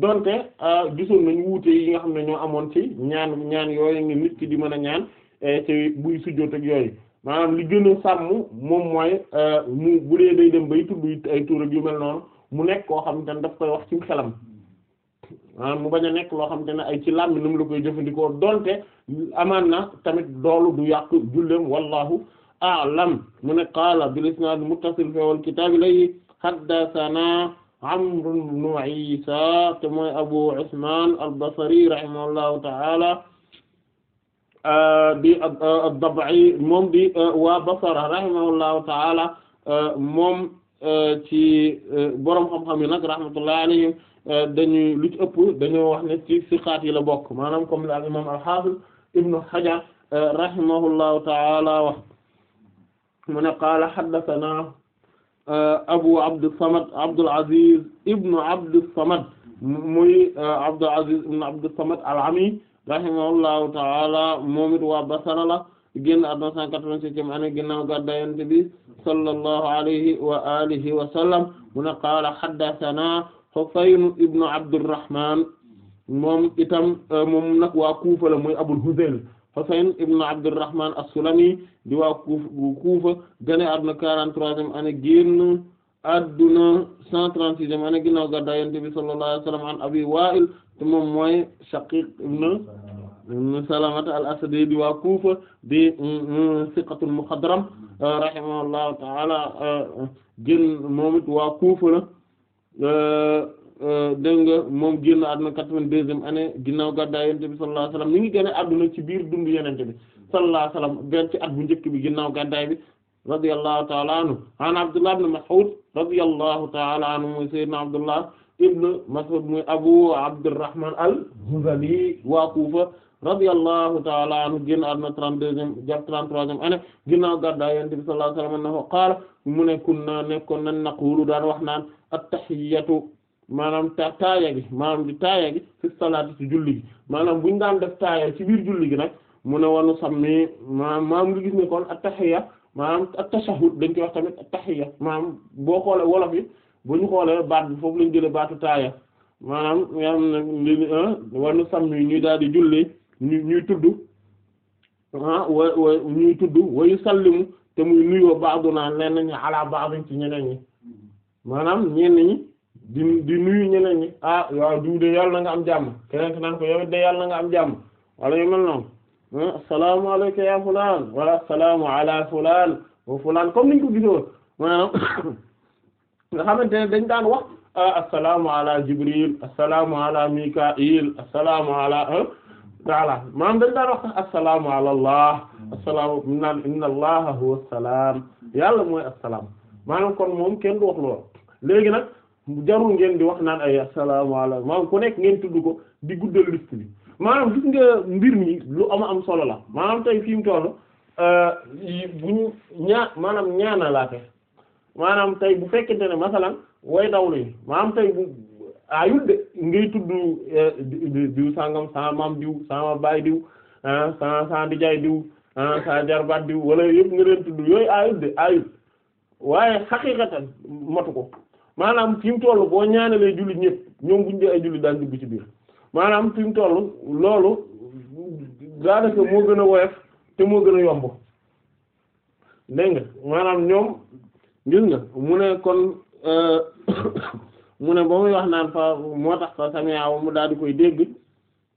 Speaker 2: donte ah, gisoon nañu wuute yi nga xam ne ñoo amoon ci ñaan ñaan yooyu ngi nit ki di mën a ñaan eh, ci buy sujjóot ak yooyu maanaam li gën a sàmm moom mooy eh, mu bu dee day dem bay tudd ay tur ak mel noonu mu nekk koo xam te ne daf koy wax ci xelam maanaam mu bañ a nekk loo xam te ne ay ci làmmiñam la koy jëfandikoo donte amaan na tamit doolu du yàq jullem wallahu a'lam mu ne qaala bil isnaad muttasil fil kitaab lay haddathana Amr ibn Isa te mooy Abu Usman al-Basri rahimahullahu ta'ala di ad-Dab'i moom di waa Basra rahimahullahu ta'ala moom ci borom xam-xam yi nag rahmatullahi alayhim dañuy lu ci ëpp dañoo wax ne ci siqaat yi la bokk maanaam comme al-imam al-Hafiz Ibn Hajar rahimahullahu ta'ala wax mu ne qaala haddathana euh, Abu Abdus Samad Abdul Aziz ibnu Abdus Samad muy euh, Abdul Aziz ibnu Abdus Samad al-Ami rahimahullahu ta'ala moom it waa Basra la génn àdduna 187 ane ginnaaw gàddaay Yonent bi sallallahu alayhi wa alihi wa sallam mu ne qaala haddathana Husayn ibnu Abdurrahman moom itam euh, moom nag waa Kufa la muy Abul Hudayl Husayn ibn Abdurrahman as-Sulami di waa Kuufa gane àdduna quarante-troisième année génn àdduna cent trente-sixième année ginnaaw gàddaay Yonent bi sallallahu alayhi wa sallam an Abi Wa'il te moom mooy Shaqiq ibn ibn Salamata al-Asadi di waa Kuufa di siqatul muxadram rahimahullahu ta'ala génn moom it waa Kuufa la Euh, dégg nga moom génn àdduna quatre-vingt-deuxième année ginnaaw gàddaay yonent bi sallallahu alayhi wasallam mi ngi ci biir dund bi sallallahu alayhi wasallam benn ci at bu njëkk bi ginnaaw gàddaay bi radiyallahu ta'ala anhu an Abdullah ibn Mas'ud radiyallahu ta'ala anhu mooy sayyidina Abdullah ibn Mas'ud mooy Abu Abdurrahman al-Hudhali waa Kufa radiyallahu ta'ala anhu génn àdduna trente-deuxième jàpp trente-troisième année ginnaaw gàddaay yonent bi sallallahu alayhi wasallam annahu qaala mu ne kunna nekkoon nan naqulu daan wax naan at maanaam ta taaya gi maanaam di taaya gi fi salaati ci julli gi maanaam buñu daan def taaya ci biir julli gi nag mu ne wanu sàmmi maanaam maam nga gis ne kon attahiya maanaam attashahud dañ koy wax tamit attahiya maanaam boo xoolee wolof yi bu ñu xoolee baat bi foofu lañ jëlee baatu taaya maanaam nga xam ne li ah, wanu ñuy daal di julli ñu ñuy tudd ah, wa wa tudd wayu sallimu te muy nuyoo naa leen nañu alaa baadin ci ñeneen ñi maanaam ñenn ñi di di nuyu ñeneen ñi ah waaw diw de yàlla na am jàmm keneen ki naan ko yow de yàlla na am jàmm wala yu mel noonu hmm, assalaamu alayka ya fulaan wala assalaamu ala fulaan wa fulaan comme niñ ko gisoo maanaam nga xamante dañ daan wax ah, assalaamu ala jibril assalaamu ala mikail assalaamu ala taala ah, maanaam dañ daan wax assalaamu ala allah assalaamu naan inna allaha huwa salaam yàlla mooy assalaam maanaam kon moom kenn du wax lool léegi nag jarul ngeen di wax naan ay asalaamaaleykum maanaam ku nekk ngeen tudd ko di guddal liste bi maanaam gis nga mbir mi lu am am solo la maanaam tey fi mu toll euh, bu ñu ñaa maanaam ñaanalaate maanaam tey bu fekkente ne masalan way daw yi maanaam tey bu de ngay tudd euh, diw sangam sa maam diw sama baay diw ah, sa ndijaay diw ah, sa jarbaat diw wala yëpp nga leen tudd yooyu ayul de ayul waaye xaqiqatan matu ko maanaam fi mu toll boo ñaanalee jullit ñëpp ñoom buñ dee ay jullit daan dugg ci biir maanaam fi mu toll loolu daanaka moo gën a woyof te moo gën a yomb dégg nga maanaam ñoom gis nga mu ne kon mu ne ba muy wax naan fa moo tax fa sami'a mu daa di koy dégg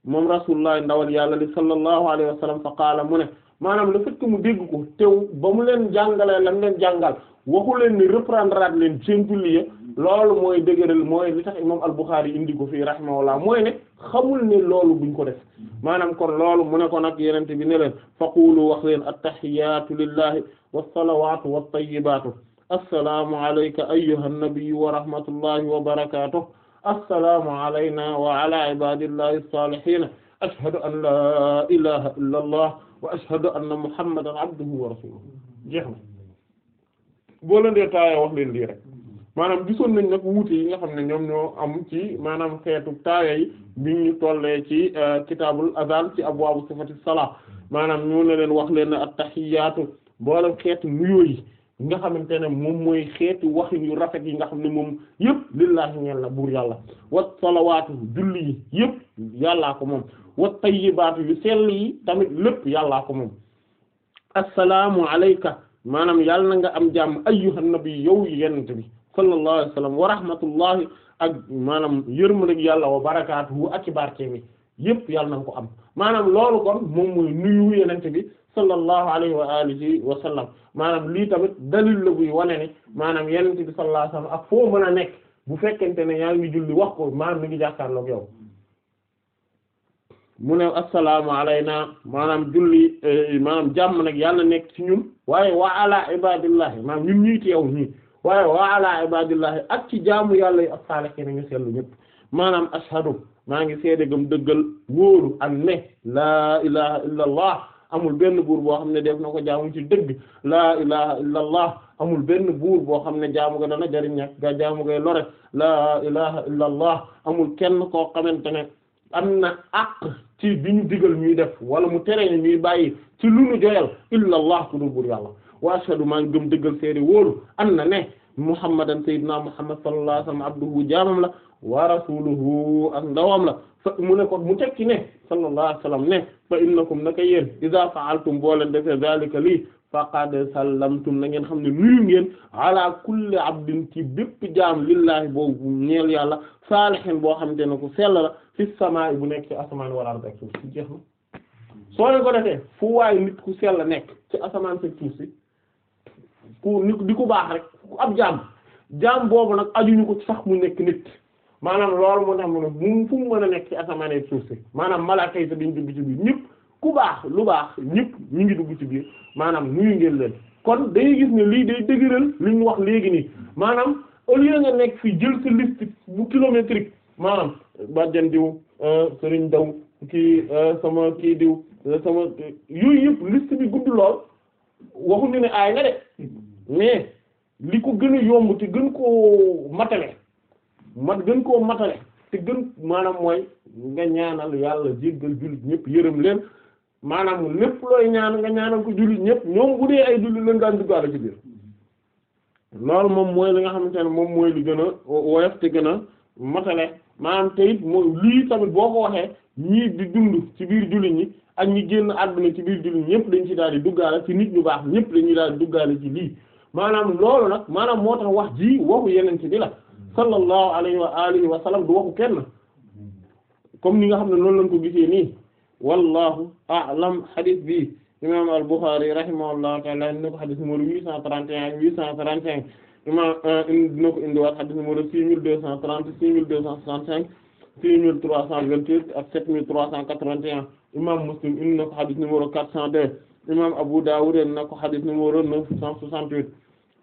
Speaker 2: moom rasulullah ndawal yàlla li sallallahu alayhi wa sallam fa qaala mu ne maanaam la fait que mu dégg ko tew ba mu leen jàngalee lan leen jàngal waxu leen ni reprendre leen seen julli loolu mooy dëgëral mooy li tax imam al-Bukhari indi ko fii rahimahullah mooy ne xamul ne loolu buñ ko def maanaam kon loolu mu ne ko nag yenente bi ne leen faqulu wax leen at-tahiyatu lillahi was-salawatu wat-tayyibatu assalaamu alayka ayyuha nabiyyu wa rahmatullahi wa barakatuh assalaamu alayna wa ala ibadillahi as-salihin ashhadu an la ilaha illa allah wa ashhadu anna muhammadan abduhu wa rasuluhu jeex na boo leen dee taaya wax leen lii rek maanaam gisoon nañ nag wuute yi nga xam ne ñoom ñoo am ci maanaam xeetu taawe yi bi ñu tollee ci euh, kitaabul azan ci abwaabu sifati salaa maanaam ñu ne leen wax leen at-tahiyaatu boolem xeetu nuyoo yi nga xamante ne moom mooy xeeti waxin yu rafet yi nga xam ne moom yëpp lillaahi ñeel na buur yàlla wat salawaatu julli yi yëpp yàllaa ko moom wat tayyibaatu yu sell yi tamit lépp yàllaa ko moom assalaamu aleyka maanaam yàlla na nga am jàmm ayyuhan nabi yow yi yenante bi sallallahu alayhi wa sallam wa rahmatullahi ak maanaam yërmandeeg yàlla wa barakaatuhu ak ci barke mi yëpp yàlla na ko am maanaam loolu kon moom mooy nuyu yenent bi sallallahu alayhi wa alihi wa sallam maanaam lii tamit dalil la buy wane ni maanaam yenent bi sallallahu alayhi wa sallam ak foo mën a nekk bu fekkente ne yaa ngi julli wax ko maanaam mi ngi jàkkaarloog yow mu ne assalaamu alayna maanaam julli eh, maanaam jàmm nag yàlla nekk ci ñun waaye wa ala ibadillahi maanaam ñun ñuy teew ñii waaye wa ala ibadillahi ak ci jaamu yàlla ak yu as-salihin ñu sellu ñu maanaam ashhadu maa ngi seede gëm dëggal wóoru am ne laa ilaha illa amul benn buur boo xam ne def na ko jaamu ci dëgg laa ilaha illa amul benn buur boo xam ne jaamu ga dana jariñ ñàkk ga jaamu gay lore laa ilaha illa amul kenn koo xamante ne am na àq ci bi ñu digal ñuy def wala mu tere ñuy bàyyi ci lu ñu joyal illa ku dul buur yàlla wa ashhadu maa ngi gëm dëggal seede wóolu an na ne muhammadan sayyidina muhammad sallallahu alayhi wa sallam abduhu jaamam la wa rasuluhu ak ndawam la fa mu ne ko mu tekki ne sallallahu alayhi wa sallam ne fa innakum naka yéen iza fa'altum boo leen defee zalika lii faqad sallamtum na ngeen xam ne nuyu ngeen ala kulli abdin ci bépp jaam lillahi boobu ñeel yàlla saalihin boo xamante ne ku sell la fi samaa bu nekk ci asamaan wal ard ak suuf si jeex na soo leen ko defee fu waaye nit ku sell nekk ci asamaan sa suuf si ku ni di ku baax rek ku ab jaam jaam boobu nag ajuñu ko sax mu nekk nit maanaam loolu moo tax mu ne mu fu a nekk ci asamaan suuf si maanaam malaaka yi dañu dugg ci biir ñëpp ku baax lu baax ñëpp ñu ngi dugg ci biir maanaam nuyu ngeen leen kon day gis ne lii day dëgëral li ñu wax léegi nii maanaam au lieu nga nekk fi jël sa liste bu kilométrique maanaam bàjjan diw euh, sëriñ daw kii euh, sama kii diw euh, sama yooyu yëpp liste bi gudd lool waxuñu ne aay nga de mais li ko gën a yomb te gën koo matale mat gën koo matale te gën maanaam mooy nga ñaanal yàlla gën jullit ñëpp yërëm leen maanaam lépp looy ñaan nga ñaanal ko jullit ñëpp ñoom bu dee ay jullit lañ daan duggaale ci biir loolu moom mooy li nga xamante ne moom mooy li gën a woyof te gën a matale maanaam te it mooy lii tamit boo ko waxee ñii di dund ci biir jullit ñi ak ñi génn àdduna ci biir jullit ñëpp dañ ci daal di duggaale ci nit ñu baax ñëpp dañuy daal di duggaale ci lii maanaam loolu nag maanaam moo tax wax ji waxu yeneen ci bi la mm. sallallahu alayhi wa alihi wa sallam du waxu kenn comme ni nga xam ne loolu lañ ko gisee nii wallahu a'lam hadith bi imam al-Bukhari rahimahullahu ta'ala dina ko hadith numéro huit cent trente et un huit cent trente-cinq imam euh, dina ko indiwaat hadith numéro six mille deux cent trente six mille deux cent six mille trois cent vingt-huit ak sept mille trois cent quatre-vingt-un imam Muslim indi na imam Abu Dawud indi na ko xadis numéro neuf cent soixante-huit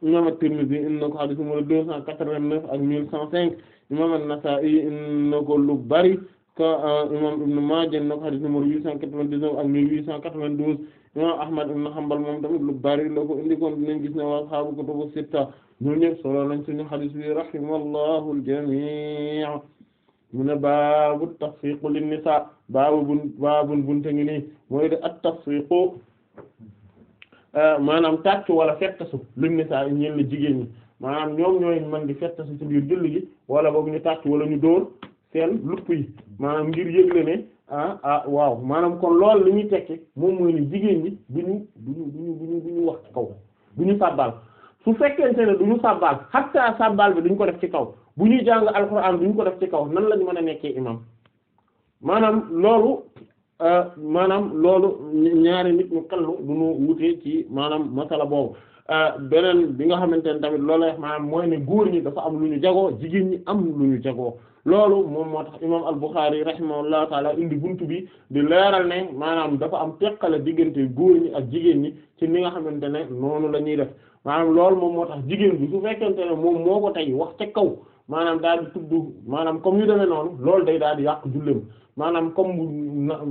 Speaker 2: imam At-Tirmidhi indi ko xadis numéro deux cent quatre-vingt-neuf ak mille cent cinq imam An-Nasa'i indi na ko lu bari ka euh, imam Ibn Maaja indi ko xadis numéro huit cent quatre-vingt-dix-neuf ak mille huit cent quatre-vingt-douze imam Ahmad ibn Hanbal moom tamit lu bari ko indi kon dinañ gis ne waa sitta ñu bun baabun mooy de at-tafsiqu Euh, maanaam tàcc wala fettasu luñ ne saa ñeen la jigéen ñi maanaam ñoom ñooy man di fettasu ci biir julli gi wala boobu ñu tàcc wala ñu dóor seen lupp yi maanaam ngir yëgle ne ah, ah waaw maanaam kon lool li ñuy tekki moom mooy ni jigéen ñi duñu ñu duñu ñu du ñu wax ci kaw du ñu sàbbaal su fekkee ne du ñu sàbbaal xatta sàbbaal bi duñ ko def ci kaw bu ñuy jàng alxuraan duñ ko def ci kaw nan lañ mën a nekkee imam maanaam loolu Euh, maanaam loolu ñaari nit ñu kallu duñu wutee ci maanaam masala boobu euh, beneen bi nga xamante ne tamit loolu wax maanaam mooy ne góor ñi dafa am lu ñu jagoo jigéen ñi am lu ñu jagoo loolu moom moo tax imaam al-Bukhari rahimahullahu taala indi buntu bi di leeral ne maanaam dafa am teqale diggante góor ñi ak jigéen ñi ci ni nga xamante ne noonu la ñuy def maanaam loolu moom moo tax jigéen bi su fekkente ne moom moo ko tey wax ca kaw maanaam daal di tudd maanaam comme yu demee loolu day daal di yàq julleem maanaam comme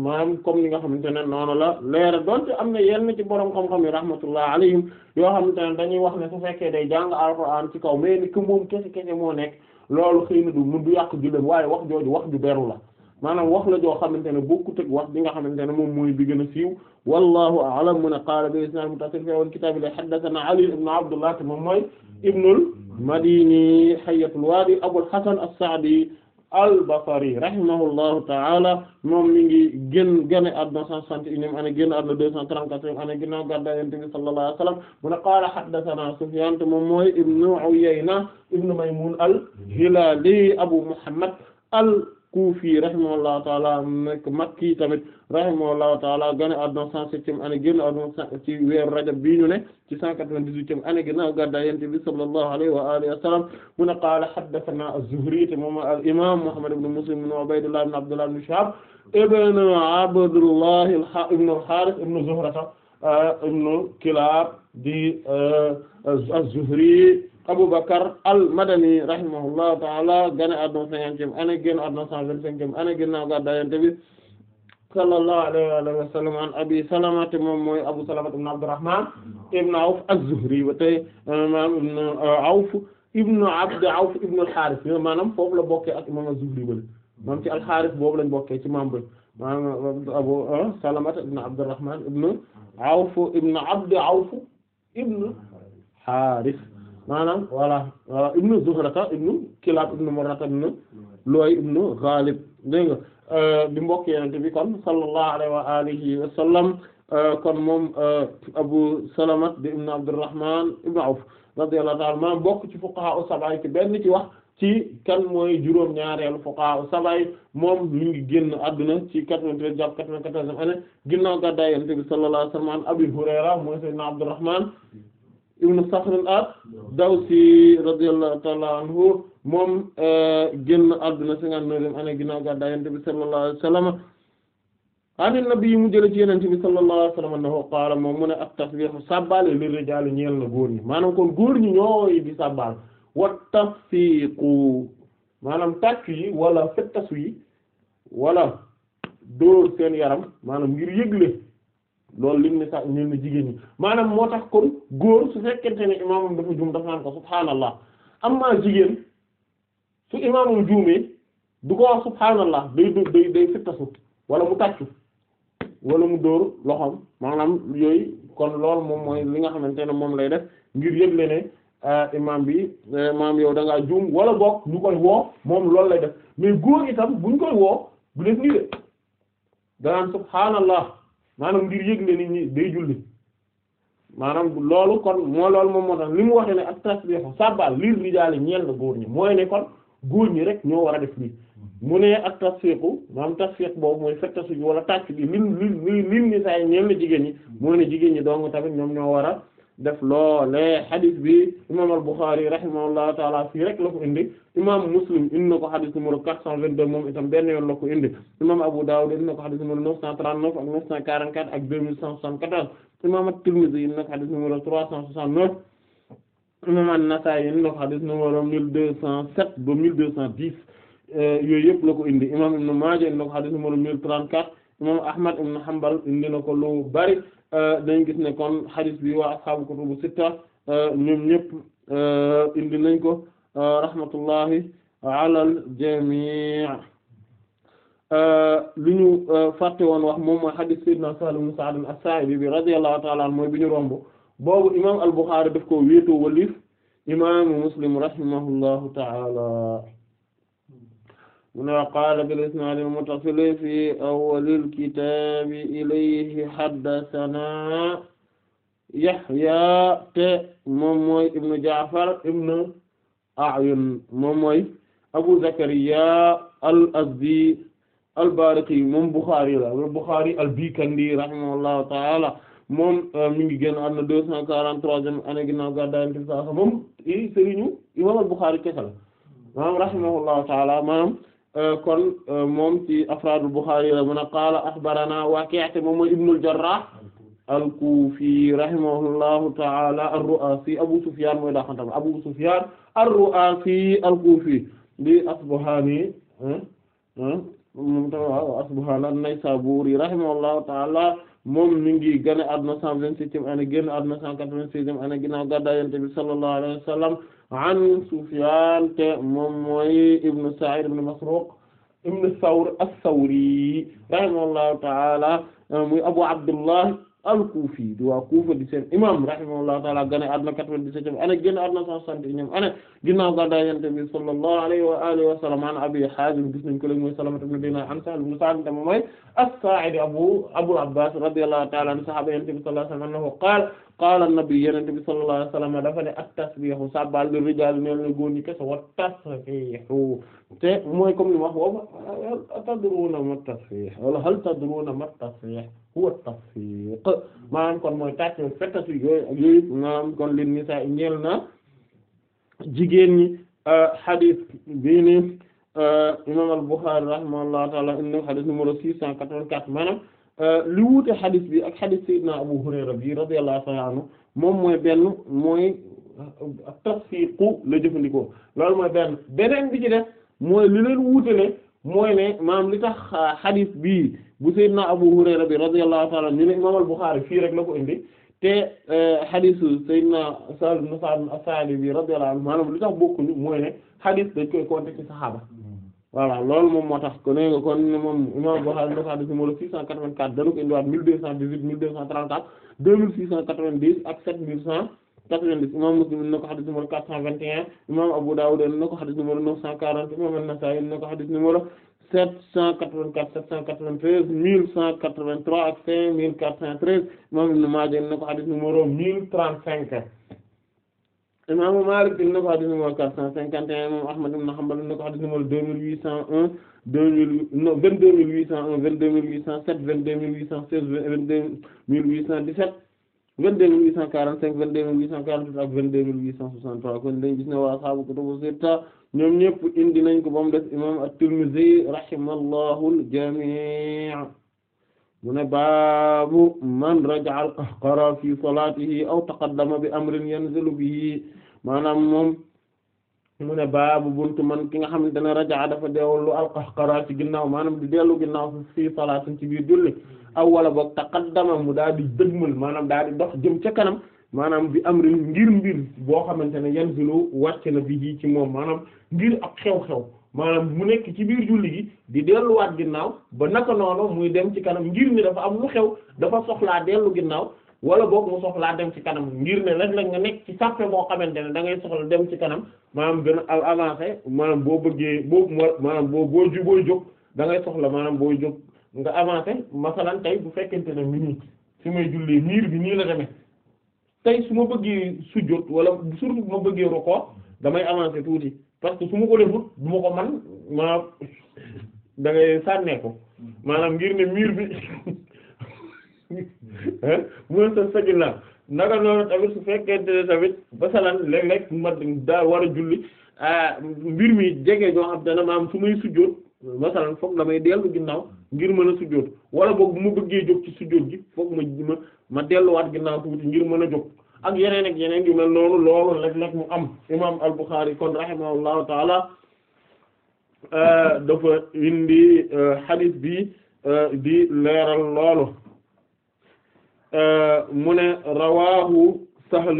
Speaker 2: maanaam comme ni nga xamante ne noonu la leera donte am na yenn ci borom xam-xam yi rahmatullah alayhim yoo xamante ne dañuy wax ne su fekkee day jàng alxuraan ci kaw mais ni que moom kese kese moo nekk loolu xëy na du mun du yàq julleem waaye wax jooju wax ju beru la maanaam wax la joo xamante ne boo ak wax bi nga xamante ne moom mooy bi gën a siiw wallahu a'lam mun a qaala bi isnad mutasil fi wal kitab li haddathana ali ibn abdullah te moom mooy ibnul madini hayatul wadi abul hasan as-sa'di al-basri rahimahullahu ta'ala moom mi ngi gën gane àdduna cent soixante-et-unième année génn àdduna deux cent trente-quatrième année ginnaaw gàddaay Yonent bi sallallahu alayhi wa sallam mu ne qaala haddathana Sufyaan moom mooy ibnu Uyayna ibnu Maymuun al-Hilaali Abu Muhammad al Kufi rahimahullahu taala nekk Makki tamit rahimahullahu taala gane àdduna cent septième année génn àdduna ci weeru rajab bi ñu ne ci cent quatre-vingt-dix-huitième année ginnaaw gàddaay Yonent bi sallallahu alayhi wa alihi wa sallam mu ne qaala haddathana az-Zuhri te moom al imam Muhammad ibn Muslim ibn Ubaydullah ibn Abdullah ibn Shihab ibn Abdullah ibn al-Harith ibn Zuhrata ah, ibn Kilab di ah, az-Zuhri Aboubacar al-Madani rahimahullahu ta'ala gane àdduna cinquantième année génn àdduna cent vingt-cinquième année ginnaaw gàddaay Yonent bi sallallahu alayhi wa sallam an Abi Salama te moom mooy Abu Salama ibn Abdurrahman ibn Awf az-Zuhri wa tey euh, maanaam ibn euh, Awf ibn Abd Awf ibn al-Harith maanaam foofu la bokkee ak imam az-Zuhri wala moom ci al-Harith boobu lañ bokkee ci membre maanaam Abu euh, Salama ibn Abdurrahman ibn Awf ibn Abd Awf ibn Harith maanaam voilà voilà ibnu Zuhrata ibnu Kilaab ibnu Murrata ibnu Lu'ay ibnu Ghalib dégg nga euh, di mbokk yenente bi kon sallallahu alayhi wa alihi wa sallam euh, kon moom euh, Abu Salamat di ibnu Abdurrahman ibnu Awf radiyallahu ta'ala maanaam bokk ci fuqaha u sab'a ci benn ci wax ci kan mooy juróom ñaareelu fuqaha sabay moom mi ngi génn àdduna ci quatre-vingt-treize jàpp quatre-vingt-quatorze année ginnaaw gàddaay Yonent bi sallallahu alayhi wa sallam Abi Hurayra mooy sayyidina Abdurrahman ibn Saxr daw dawsi radiyallahu ta'ala anhu moom euh, génn àdduna cinquante-neuvième année ginnaaw gàddaay Yonent bi sallallahu mu jële ci Yonent bi sallallahu alayhi wa moom mu ne at-tasbiihu sàbbaale lir-rijaali ñeel na góor ñi maanaam kon góor ñi ñooy di sàbbaal wa tasfiiqu maanaam tàccu yi wala fettasu yi wala dóor seen yaram maanaam ngir yëgle loolu lim ne sax ñun ne jigéen ñi maanaam moo tax kon góor su fekkente ne imaamam dafa juum dafa naan ko am amma jigéen su imaamam juumee du ko wax subhaanallah day day day fittasu wala mu tàccu wala mu dóor loxoom maanaam yooyu kon lool moom mooy li nga xamante ne moom lay def ngir yëgle ne euh, imaam bi imaam euh, yow da ngaa juum wala boog ñu koy woo moom loolu lay def mais góor itam buñ koy woo du def nii de danaan subhaanallah maanaam ngir yëg ne nit ñi day julli maanaam loolu kon moo loolu moom moo tax li mu waxee ne ak tasbihu sabbal lil rijaali ñeel na góor ñi mooy ne kon góor ñi rek ñoo war a def lii mu ne ak tasfiqu maanaam tasfiq boobu mooy fettasuji wala tàcc bi lil lil lil nisaa yi ñeel na jigéen ñi mooy ne jigéen ñi dong tamit ñoom ñoo war a def loolee xadis bi imam al-Bukhari rahimahullahu taala fii rek la ko indi imam Muslim indi ko xadis numéro 422 moom itam benn yoon la ko indi imam Abu Dawud indi na ko xadis numéro 939 ak 944 ak 2174 imam at-Tirmidhi indi na ko xadis numéro 369 imam an-Nasa'i indi na ko xadis numéro 1207 ba 1210 euh, yooyu yëpp la ko indi imam Ibn Maaja indi na ko xadis numéro 1034 imam Ahmad ibn Hanbal indi na ko lu Euh, dañ gis ne kon hadith bi waa ashaabu kutubu sitta euh, ñoom ñëpp euh, indi nañ ko rahmatullahi alal jamii li ñu fàtte woon wax moom mooy hadith sayyidina Sahl ibn Sa'd bi radiyallahu ta'ala anhu mooy bi ñu romb boobu imaam al-Bukhari daf ko wéetoo walif imaamu Muslim rahimahullahu ta'ala wa qaala bil isnaad al muttasil fi awwalil kitaabi ilayhi haddasanaa Yahyaa te moom mooy Ja'far ibnu A'yun moom Abu Zakariyaa al-Azdi al-Baariqi moom al-Bikandi rahimahullahu ta'aala moom euh, mi ngi génn àdduna deux cent quarante-troisième bi i sëriñu imaam al-Buxaari kese la maanaam rahimahullahu ta'aala maanaam Euh, kon euh, moom ci afraadul Buxaari la mun a qaala axbarana Waaki' moom mooy ibnul Jarraah al-Kufi rahimahullahu ta'ala ar-Ru'aasi Abu Sufyaan mooy daa xantam Abu Sufyaan ar-Ru'aasi al-Kufi di Asbahaani moom tamit waaw Asbahaani an-Naysaabuuri rahimahullahu ta'ala moom mi ngi gane àdduna cent vingt-septième année génn àdduna cent quatre-vingt-seizième année ginnaaw gàddaay Yonent bi sallallahu alayhi wa sallam an Sufyaan te moom mooy ibnu Sa'iid ibnu Masruuq ibnu Sawr as-Sawri rahimahullahu ta'ala muy Abu Abdullah al-Kufi di waa Kufa di seen imam rahimahullahu ta'ala gane àdduna 97 ane génn àdduna 161 ane ginnaaw gàddaay Yonent bi sallallahu alayhi wa alihi wa sallam an Abi Hazim gis nañ ko léegi mooy Salama ibn Dinar an Sahl ibn Sa'd tam mooy as-Sa'idi abu Abul Abbas radiyallahu ta'ala an sahaba Yonent bi sallallahu alayhi wa sallam annahu qaala qaala an-nabi Yonent bi sallallahu alayhi wa sallam dafa ne at-tasbihu sabbal lir-rijal neen la góor ñi kese wa tasbihu te mooy comme li ma wax boobu hal tadruna ma tasbih wala hal tadruna ma tasbih huwa tafsiq maanaam kon mooy tàcc fettatu yooyu ak yooyu maanaam kon lin nisaa ñeel na jigéen ñi hadith bii ni imam al-Bukhari rahimahullahu ta'ala inna hadith numéro 684 maanaam li wuute hadith bi ak hadith sayyidina Abu Hurayra bi radiyallahu ta'ala anhu moom mooy benn mooy tafsiqu la jëfandikoo loolu mooy benn beneen bi ci def mooy li leen wuute ne mooy ne maanaam li tax hadith bii bu Seydina Abu Hurayra bi radiyallahu ta'ala ñu ne imaam al-Bukhari fii rek la ko indi te xadisu e, Seydina Sahl ibn Sa'd as bi radiyallahu anhu maanaam lu tax bokkuñu mooy ne xadis dañ koy compter ci saxaaba voilà loolu moom moo tax kon nga kon imaam al-Bukhari dafa xadis numéro 684 dana ko indiwaat 1218 1234 2690 ak 7100 90 imam Muslim na ko xadis numéro 421 imam Abu Dawud na ko xadis numéro 940 imam An-Nasa'i na ko xadis numéro sept cent quatre-vingt-quatre sept cent quatre-vingt-treize mille cent quatre-vingt-trois ak cinq mille quatre cent treize imam Ibn Maaja na ko hadith numéro mille trente-cinq imaamu Maalik na ko hadith numéro quatre cent cinquante et un imam Ahmad ibn Hanbal na ko hadith numéro deux mille huit cent un deux mille non vingt-deux mille huit cent un vingt-deux mille huit cent sept vingt-deux mille huit cent seize vingt-deux mille huit cent dix-sept 22 845 22 846 ak 22 863 kon dañu gis ne waa ashaabu kutubu sitta ñoom ñëpp indi nañ ko ba mu des imaam at-Tirmidhi rahimallahu al-jamii' mu ne baabu man raja'a al-qahqara fi salaatihi aw taqaddama bi amrin yanzilu bihi maanaam moom mu ne baabu buntu man ki nga xamante ne raja'a dafa deewul al-qahqara ci ginnaaw maanaam di dellu ginnaaw fi salaatin ci biir julli aw wala boog taqaddama mu daal di dëgmal maanaam daal di dox jëm ca kanam maanaam bi am ri ngir mbir boo xamante ne yanzilu wàcc na bi ci moom maanaam ngir ak xew-xew maanaam mu nekk ci biir julli gi di delluwaat ginnaaw ba naka noonu muy dem ci kanam ngir ni dafa am lu xew dafa soxlaa dellu ginnaaw wala boog mu soxlaa dem ci kanam ngir ne léeg-léeg nga nekk ci sàppe boo xamante ne dangay ngay soxla dem ci kanam maanaam gën a avancé maanaam boo bëggee boo maanaam boo boo jóg da ngay soxla maanaam boo jóg nga avancé masalan tey bu fekkente ne minute su may jullee miir bi nii la demee tey su ma bëggee sujjóot wala surtout bu ma bëggee roko damay avancé tuuti parce que su ma ko defut du ma ko man ma da ngay sànnee ko maanaam ngir ne miir bi mun sa sajul la naka noonu tamit su fekkente ne tamit masalan léeg-léeg ma daa war a julli ah, mbir mi jege ñoo xam dana maam su may sujjóot masalan foog damay dellu ginnaaw ngir mën a sujjóot wala boog bu ma bëggee jóg ci sujjóot gi foog ma ma ma ginnaw ginnaaw tuuti ngir mën a jog ak yeneen ak yeneen yu mel noonu loolu rek nag mu am imaam al-Bukhari kon rahimahullahu taala euh, dafa indi euh, hadith bi euh, di leeral loolu mu ne rawaahu Sahl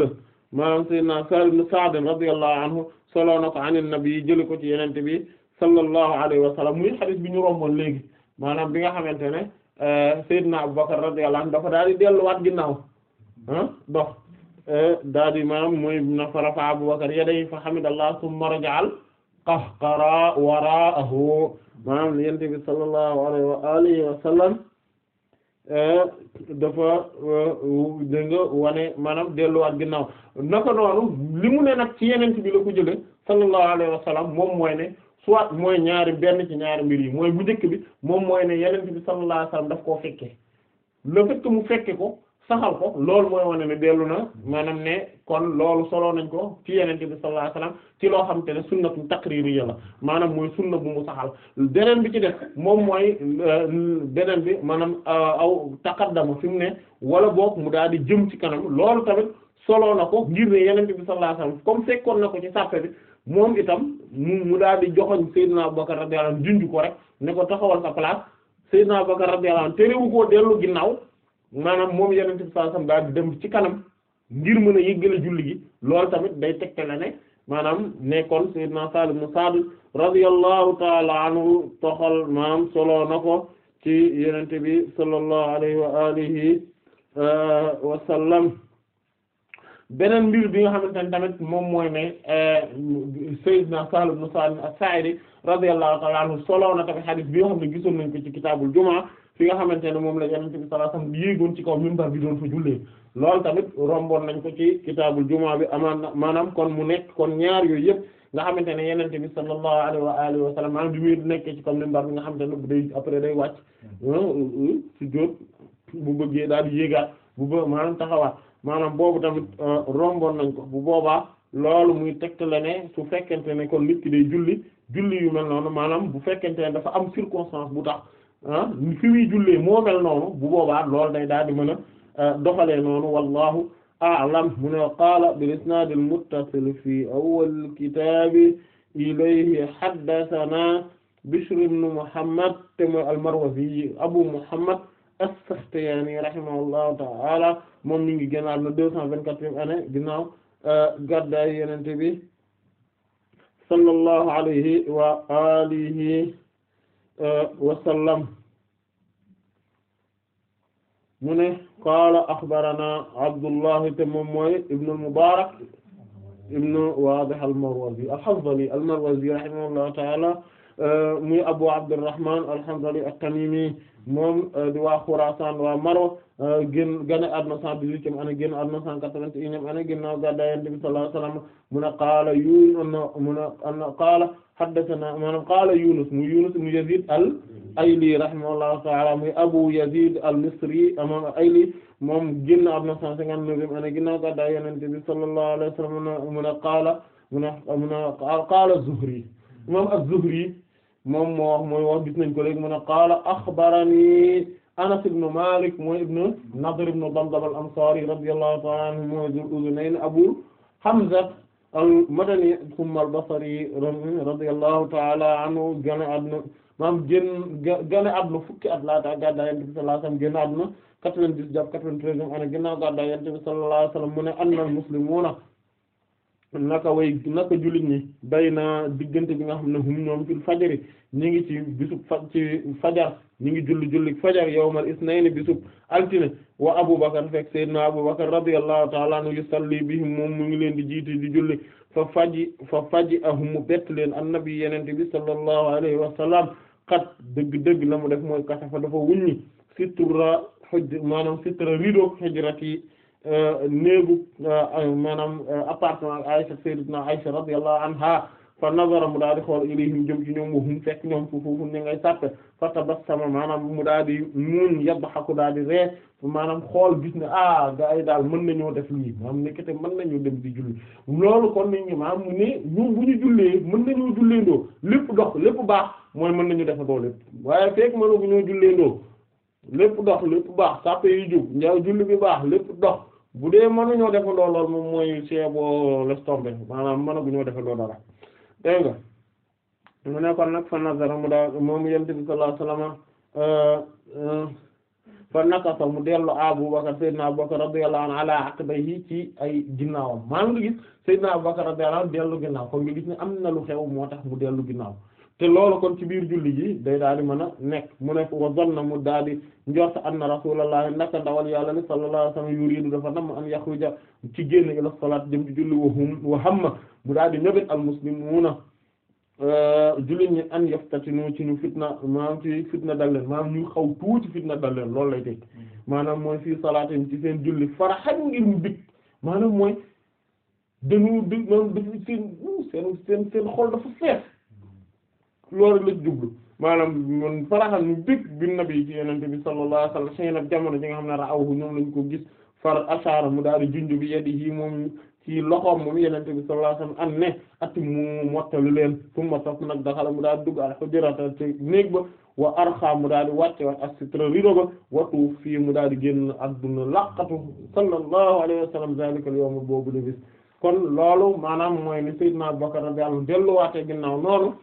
Speaker 2: maanaam sayyidina Sahl ibn Sa'd anhu solo na ko an an jëli ko ci yenente bi sallallahu alayhi wa muy xadis bi ñu romboon léegi maanaam bi nga xamante ne euh, Seydina Abubakar radiyallahu anhu dafa daal delluwaat ginnaaw ah dox euh, daal di maanaam muy na fa rafa Abubakar yadayhi fa hamidallah thumma raja'al qahqara waraahu maanaam yonent bi sallallahu alayhi wa euh, dafa dégg wane maanaam delluwaat ginnaaw naka noonu li mu ne nag ci yeneen bi la ko jëlee sallallahu alayhi wa moom mooy soit mooy ñaari benn ci ñaari mbir yi mooy bu njëkk bi moom mooy ne yeneen bi sallallahu alayhi wasallam daf koo fekke la fait mu fekke ko saxal ko loolu mooy wane ne dellu na maanaam ne kon loolu soloo nañ ko ci yeneen bi sallallahu alayhi wasallam ci loo xamante ne sunnatu taqririyya la maanaam mooy sunna bu mu saxal beneen bi ci def moom mooy euh, beneen bi maanaam euh, aw taqaddama fi mu ne wala book mu daal di jëm ci kanam loolu tamit soloo na ko ngir ne yeneen bi sallallahu alayhi wasallam comme fekkoon na ko ci sàppe bi moom itam mu mu daal di joxoñ Seydina Abubakar radiyallahu anhu junj ko rek ne ko taxawal sa place Seydina Abubakar radiyallahu anhu terewu koo dellu ginnaaw maanaam moom Yonent bi sallallahu alayhi wasallam dem ci kanam ngir mën a yëggale julli gi loolu tamit day tegtale ne maanaam nekkoon Seydina Salim mu Saad radiyallahu ta'ala anhu toxal maanaam solo na ko ci Yonent bi sallallahu alayhi wa uh, beneen mbir bi nga xamante ne tamit moom mooy ne euh, Sayyidna Sahl ibn Sa'd as-Sa'idi radiyallahu ta'ala anhu solo na tamit hadith bi nga xam ne gisoon nañ ko ci kitaabul jumaa fi nga xamante ne moom la Yonent bi sallallahu alayhi wasallam yéegoon ci kaw minbar bi doon fa jullee loolu tamit romboon nañ ko ci kitaabul jumaa bi amaan maanaam kon mu nekk kon ñaar yooyu yëpp nga xamante ne Yonent bi sallallahu alayhi wa alihi wa sallam maanaam bi muy nekkee ci kaw minbar bi nga xamante ne bu day après day wàcc euh, euh, su jóot daal di yéegaat bu bë maanaam taxawaat maanaam boobu tamit euh, romboon nañ ko bu boobaa loolu muy tegtale ne su fekkente ne kon nit ki julli julli yu mel noonu maanaam bu fekkente ne dafa am circonstance bu tax ah fi muy jullee moo mel noonu bu boobaa loolu day daal di mën a euh, doxalee noonu wallahu a'lam mu ne qaala bil isnaad al muttasil fi awwal kitaabi ilayhi haddathana Bishr ibn Muhammad te mooy al-Marwazi Abu Muhammad as-Saxtiyaani rahimahullahu ta'ala moom mi ngi génnaat na deux cent vingt-quatrième année ginnaaw euh, gàddaay Yonent bi sallallahu alayhi wa alihi euh, wa sallam mu ne qaala axbarana Abdullah te moom mooy ibnu al-Mubaarak ibnu Waadih al-Marwazi al-Hanzali al-Marwazi rahimahullahu ta'ala euh, muy Abu Abdurrahman al-Hanzali at-Tamimi moom euh, di waa Xuraasaan waa Marwa euh, génn gane àdduna cent dix-huitième année génn àdduna cent quatre-vingt-unième année ginnaaw gàddaay Yonent bi sallallahu alayhi wa sallam mu ne qaala Yuunus mu ne qaala haddasanaa maanaam qaala Yuunus mu Yuunus mu Yaziid al-Ayli rahimahullahu ta'aala muy Abu Yaziid al-Misri moom al-Ayli moom génn àdduna cent cinquante-neuvième année ginnaaw gàddaay Yonent bi sallallahu alayhi wa sallam mu ne qaala mu ne qaala Zuhri moom az-Zuhri moom moo wax mooy wax gis nañ ko léegi mu ne qaala axbarani anas ibn malik mooy ibn nadr ibn damdam al ansari radiyallahu ta'ala anhu mooy dul uzunayn abu hamza al madani thumma al basri radiyallahu ta'ala anhu gane adna maam gën gane adna fukki at laata gàddaay yonent bi sallallahu alayhi wasallam gën adna quatre-vingt-dix jàpp quatre-vingt-treize ana ginnaaw gàddaay yonent bi sallallahu alayhi wasallam mu ne anna al muslimuna naka way naka juli ñi bay na diggante bi nga xam ne hum ñoom fil fajari ñi ngi ci bisub fa ci fajar ñi ngi julli julli fajar yawmal isnayni bisub altine wa abubakar fekk sayyidina abubakar radiyallahu ta'ala anhu yusalli bi moom mu ngi leen di jiiti di julli fa faji fa faji ahumu bett leen annabi yenente bi sallallahu alayhi wa sallam kat dëgg-dëgg la mu def mooy kasafa dafa wuññi sittura hujj maanaam sittura rido hijrati Euh, néegu euh, maanaam euh, apartement Aisha sayyidatuna Aisha radiyallahu anha fa nazara mu daal di xool ilayhim jëm ci ñoom waxum fekk ñoom fu foofu ñu ngay sàppe fa tabassama maanaam mu daal di muñ yadhaku daal di ree maanaam xool gis ne ah gaa yi daal mën nañoo def lii maanaam nekkate mën nañoo dem di julli loolu kon nit ñi maanaam mu ne ñoom bu ñu jullee mën nañoo julleendoo lépp dox lépp baax mooy mën nañu defandoo lépp waaye fekk mëna bu ñoo julleendoo lépp dox lépp baax sàppe yi bi baax lépp dox bu dee mënuñoo defandoo lool moom mooy seeboo les tombé maanaam mënaguñoo defandoo dara dégg nga mu nekkoon nag fa nazara mu daal moom yonent bi sallallahu alayhi na euh, euh, fa nakasa mu dellu na Abubakar Seydina Abubakar radiyallahu anhu bay aqibayhi ci ay ginnaawam maa ngi gis Seydina Abubakar radiyallahu anhu dellu ginnaaw kon nga gis ne am na lu xew moo tax mu dellu ginnaaw te loolu kon ci biir julli ji day daal ma mën a nekk mu ne wa na mu daal di njort anna rasulallahi naka ndawal yàlla ni sallallahu alayhi wa sallam yuridu dafa nam an yaxruja ci génn la salaat jëm ci julli wa hum wa hamma mu daal di ñëbit al muslimuna euh, jullit ñi an yaftatinu ci ñu fitna maanaam ci fitna dal leen maanaam ñu xaw tuuti fitna dal leen loolu lay teg maanaam mooy fii salaatin ci seen julli faraxan ngir mu bit maanaam mooy dañu di maanaam dafa seen loolu lañ jublu maanaam man faraxal ñu dëkk bin nabi ci yenente bi sallallahu alayhi wasallam seen ak jamono ji nga xam ne ra'awhu ñoom lañ ko gis far ashara mu daal di junj bi yadihi moom ci loxoom moom yenente bi sallallahu alayhi wasallam an ne atti mu mottali leen tumma sof nag daxala mu daal dugg al hujrata ci néeg ba wa arxa mu daal di wàcce wax assitra rido ba watu fii mu daal di génn adduna laqatu sallallahu alayhi wasallam zalika al yawm boobu la bis kon loolu maanaam mooy ni sayyidna Abubakar radiyallahu anhu delluwaatee ginnaaw noonu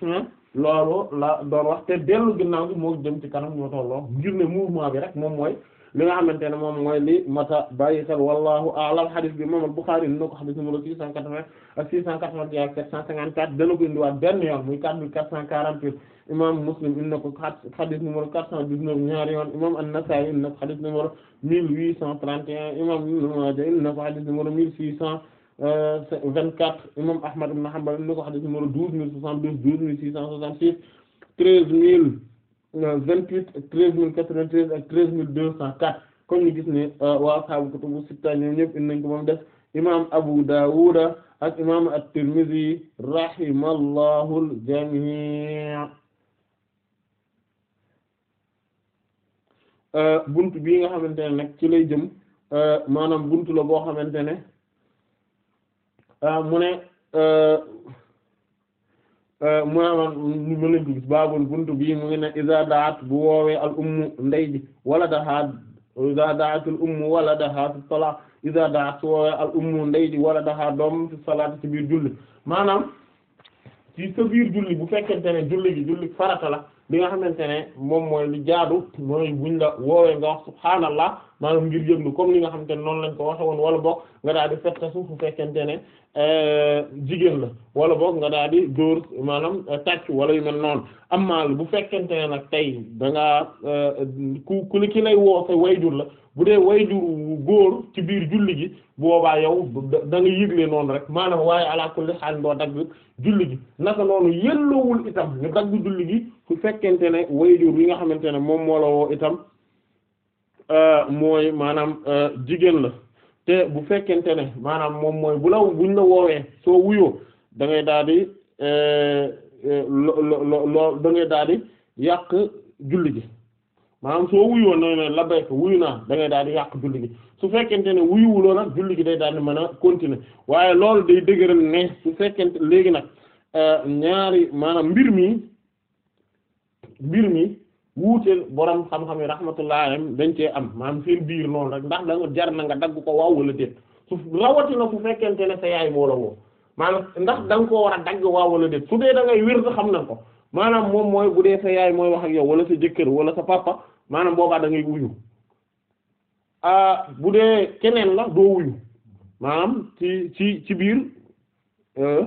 Speaker 2: Hmm? loolu la doon wax te dellu ginnaaw gi moo jëm ci kanam ñoo tolloo ngir ne mouvement bi rek moom mooy li nga xamante ne moom mooy li mata bàyyi xel wallahu a'lam hadith bi imam al-Bukhari ni na ko hadith numéro six cent quatre-vingt ak six cent quatre-vingt quatre cent quarante-huit imam Muslim in na ko hadith numéro quatre cent dix-neuf ñaari yoon imam an-Nasa'i in na ko hadith numéro mille huit cent trente un imam Ibn Majah in na ko hadith Euh, vingt-quatre imam Ahmad ibn Hanbal ni ko hadith numéro douze mille soixante-douze douze mille six cent soixante-six treize mille euh, vingt-huit treize mille quatre-vingt-treize ak deux cent quatre comme ni gis ne euh, waa saabu kutubu sitta ñoom ñëpp indi nañ ko moom def imam Abu Dawud ak imam At-Tirmidhi rahimallahu al-jami' bunt bii nga xamante ne nag ci lay jëm maanaam bunt la boo xamante ne Euh, mu ne euh, euh, mu ne man mën nañ ko gis baabul buntu bii mu ngi ne daat bu woowee al ummu ndey ji wala daxaat iza daatul ummu wala daxaat salaat iza daat su woowee al ummu ndey ji wala daxaat doom fi salaat ci biir julli maanaam ci sa biir julli bu fekkente ne julli gi julli farata la li nga xamante ne moom mooy li jaadu mooy buñ la woowee nga wax subhaanallah maanaam ngir yëglu comme li nga xamante ne noonu lañ ko waxe woon wala boog nga daal di fettasu bu fekkente ne euh, jigéen la wala boog nga daal di dóor maanaam euh, tàcc wala yu mel noonu amal bu fekkente ne nag tey da ngaa euh, ku ku li ki lay woo sa wayjur la bu dee wayjur wu góor ci biir julli gi boobaa yow da nga yëgle noonu rek maanaam waaye ala kulli xaal doo dagg julli gi naka noonu yelloowul itam ñu dagg julli gi su fekkente ne wayjur yi nga xamante ne moom moo la itam euh, mooy maanaam euh, jigéen la te bu fekkente ne maanaam moom mooy bu la buñ la woowee soo wuyoo da ngay daal di euh, lo lo lo da ngay yàq julli gi. maanaam soo wuyu woon na ko wuyu naa da daal di yàq julli gi su fekkente ne wuyuwuloo nag julli gi day daal di mën a continuer waaye loolu day dëgëral ne su fekkente léegi nag euh, ñaari maanaam mbir mi mbir mi wuuteel borom xam-xam yi rahmatullahi dañ cee am maanaam seen biir noonu rek ndax da nga jar na nga dagg ko waaw wala déet su rawatina su fekkente ne sa yaay moo la woo ndax da koo war a dagg waaw wala déet su dee da ngay wér xam na ko maanaam moom mooy bu dee sa mooy wax ak yow wala sa jëkkër wala sa papa maanaam boobaa dangay ngay wuyu ah, bu dee keneen la doo wuyu maanaam ci ci ci biir euh,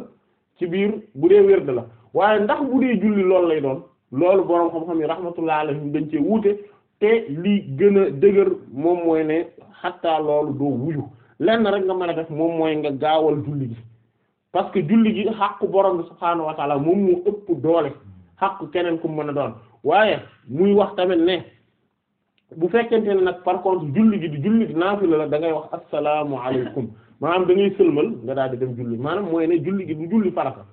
Speaker 2: ci biir bu dee wérd la waaye ndax bu dee julli loolu lay doon loolu boroom xam-xam yi rahmatullah alayhim dañ cee wuute te li gën a dëgër moom mooy ne xattaa loolu doo wuyu lenn rek nga mën a def moom mooy nga gaawal julli gi parce que julli gi xàqu borom bi subhaanahu wa taala moom moo ëpp doole xàqu keneen ku mën a doon waaye muy wax tamit ne bu fekkente ne nag par contre julli gi di julli naafila la da ngay wax assalaamu alaykum maanaam da ngay sëlmal nga daal di dem julli maanaam mooy ne julli gi du julli farata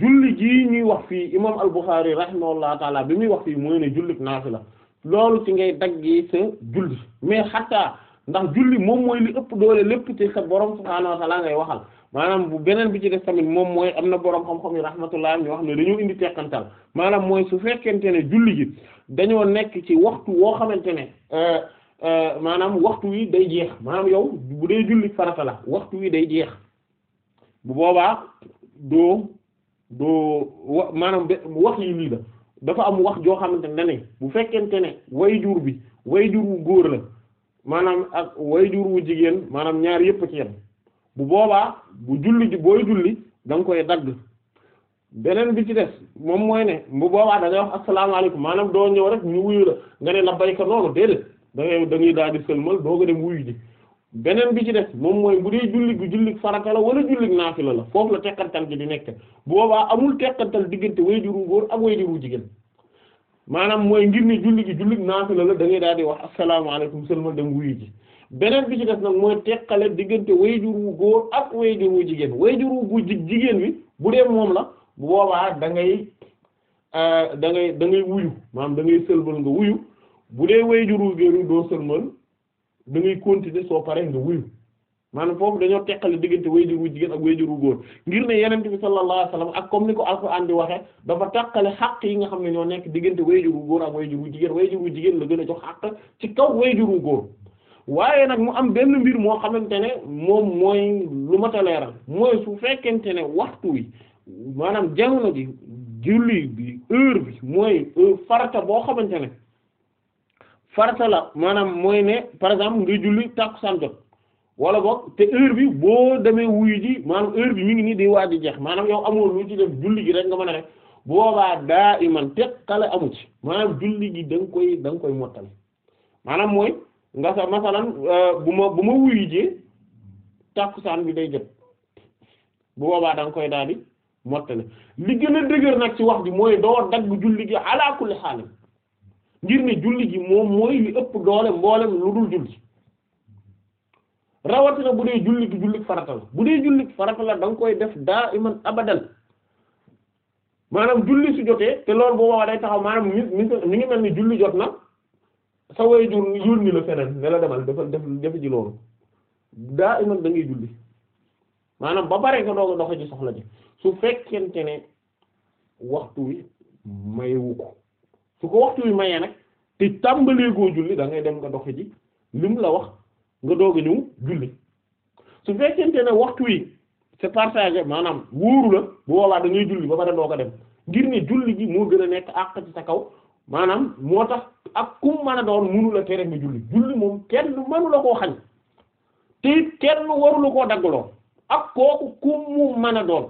Speaker 2: julli gii ñuy wax fii imam al-Bukhari rahimahullahu taala bi muy wax fii mooy ne julli naafila loolu ci ngay daggee sa julli mais xataa ndax julli moom mooy li ëpp doole lépp ci sa borom subhaanahu wa taala ngay waxal maanaam bu beneen bi ci def tamit moom mooy am na boroom xam-xam yi rahmatullah ñoo xam ne dañoo indi teqantal maanaam mooy su fekkente ne julli gi dañoo nekk ci waxtu woo xamante ne euh, euh, maanaam waxtu wi day jeex maanaam yow bu dee julli farata la waxtu wi day jeex bu boobaa doo doo wa maanaam wax yi lii la dafa am wax joo xamante ne dane bu fekkente ne wayjur bi wayjur wu góor la maanaam ak wayjur wu jigéen maanaam ñaar yépp ci yem bu boobaa bu julli booy julli da nga koy dagg beneen bi ci des moom mooy ne bu boobaa da ngay wax asalaamaaleykum maanaam doo ñëw rek ñu wuyu la nga ne la bayka noonu déedéet daal di sëlmal doo nga dem wuyu beneen bi ci des moom mooy bu dee julli gu julli farata wala julli naafila la foofu la tekkantal gi di nekk bu boobaa amul tekkantal diggante wayjuru góor ak wayjuru jigéen maanaam mooy ngir ne julli gi julli naafila la da ngay daal di wax asalaamaaleykum sëlmal dem wuyu ji beneen bi ci def nag mooy teqale diggante wayjur wu góor ak wayjur wu jigéen wayjur wu gu jigéen bi bu dee moom la bu da ngay euh, da ngay da ngay wuyu maanaam da ngay sëlmal nga wuyu bu dee wayjur wu góor yi doo sëlmal da ngay continuer soo paree nga wuyu maanaam foofu dañoo teqale diggante wayjur wu jigéen ak wayjur góor ngir ne yeneen bi sallallahu alayhi wasallam ak comme ni ko alxuraan di waxe dafa teqale xàq yi nga xam ne ñoo nekk diggante wayjur wu góor ak wayjur wu jigéen wayjur wu jigéen la gën a jox xàq ci kaw wayjur wu góor waaye nag mu am benn mbir moo xamante ne moom mooy lu mat a leeral mooy su fekkente ne waxtu wi maanaam jamono ji julli bi heure bi mooy euh, farata boo xamante ne farata la maanaam mooy ne par exemple nga julli tàkkusaan jot wala boog te heure bi boo demee wuyu ji maanaam heure bi mu ngi nii di waaj di jeex maanaam yow amoo lu ci def julli gi rek nga mën a def boobaa daa iman teq kale amu ci maanaam julli gi da koy da koy mottali maanaam mooy. nga sa masalan euh, bu ma bu ma wuyu ji tàkkusaan bi day jot bu boobaa da koy daal di mottale li gën a dëgër nag ci wax ji mooy doo dagg julli gi ala kulli xaalim ngir ne julli gi moom mooy li ëpp doole mboolem lu dul julli rawatina bu dee julli gi julli farata bu dee julli farata la koy def daa iman abadan maanaam julli su jotee te loolu boobaa day taxaw maanaam mi mi ngi mel ni julli jot na sa way jur yónni la feneen ne la demal defal def dafa ji loolu daa iman da julli maanaam ba pare nga doog a dox ci soxla ji su fekkente ne waxtu wi mayewu ko su ko waxtu wi mayee nag te tàmbaleekoo julli da ngay dem nga dox ji lim la wax nga doog a ñëw julli su fekkente ne waxtu wi c'est partagé maanaam wóoru la bu boobaa da ngay julli ba pare doog a dem ngir ne julli gi moo gën a nekk àq ci sa kaw maanaam moo tax ak kum mën a doon mënu la tere nga julli julli moom kenn mënu la koo xañ te it kenn warulu koo daggaloo ak kooku kum mu mën a doon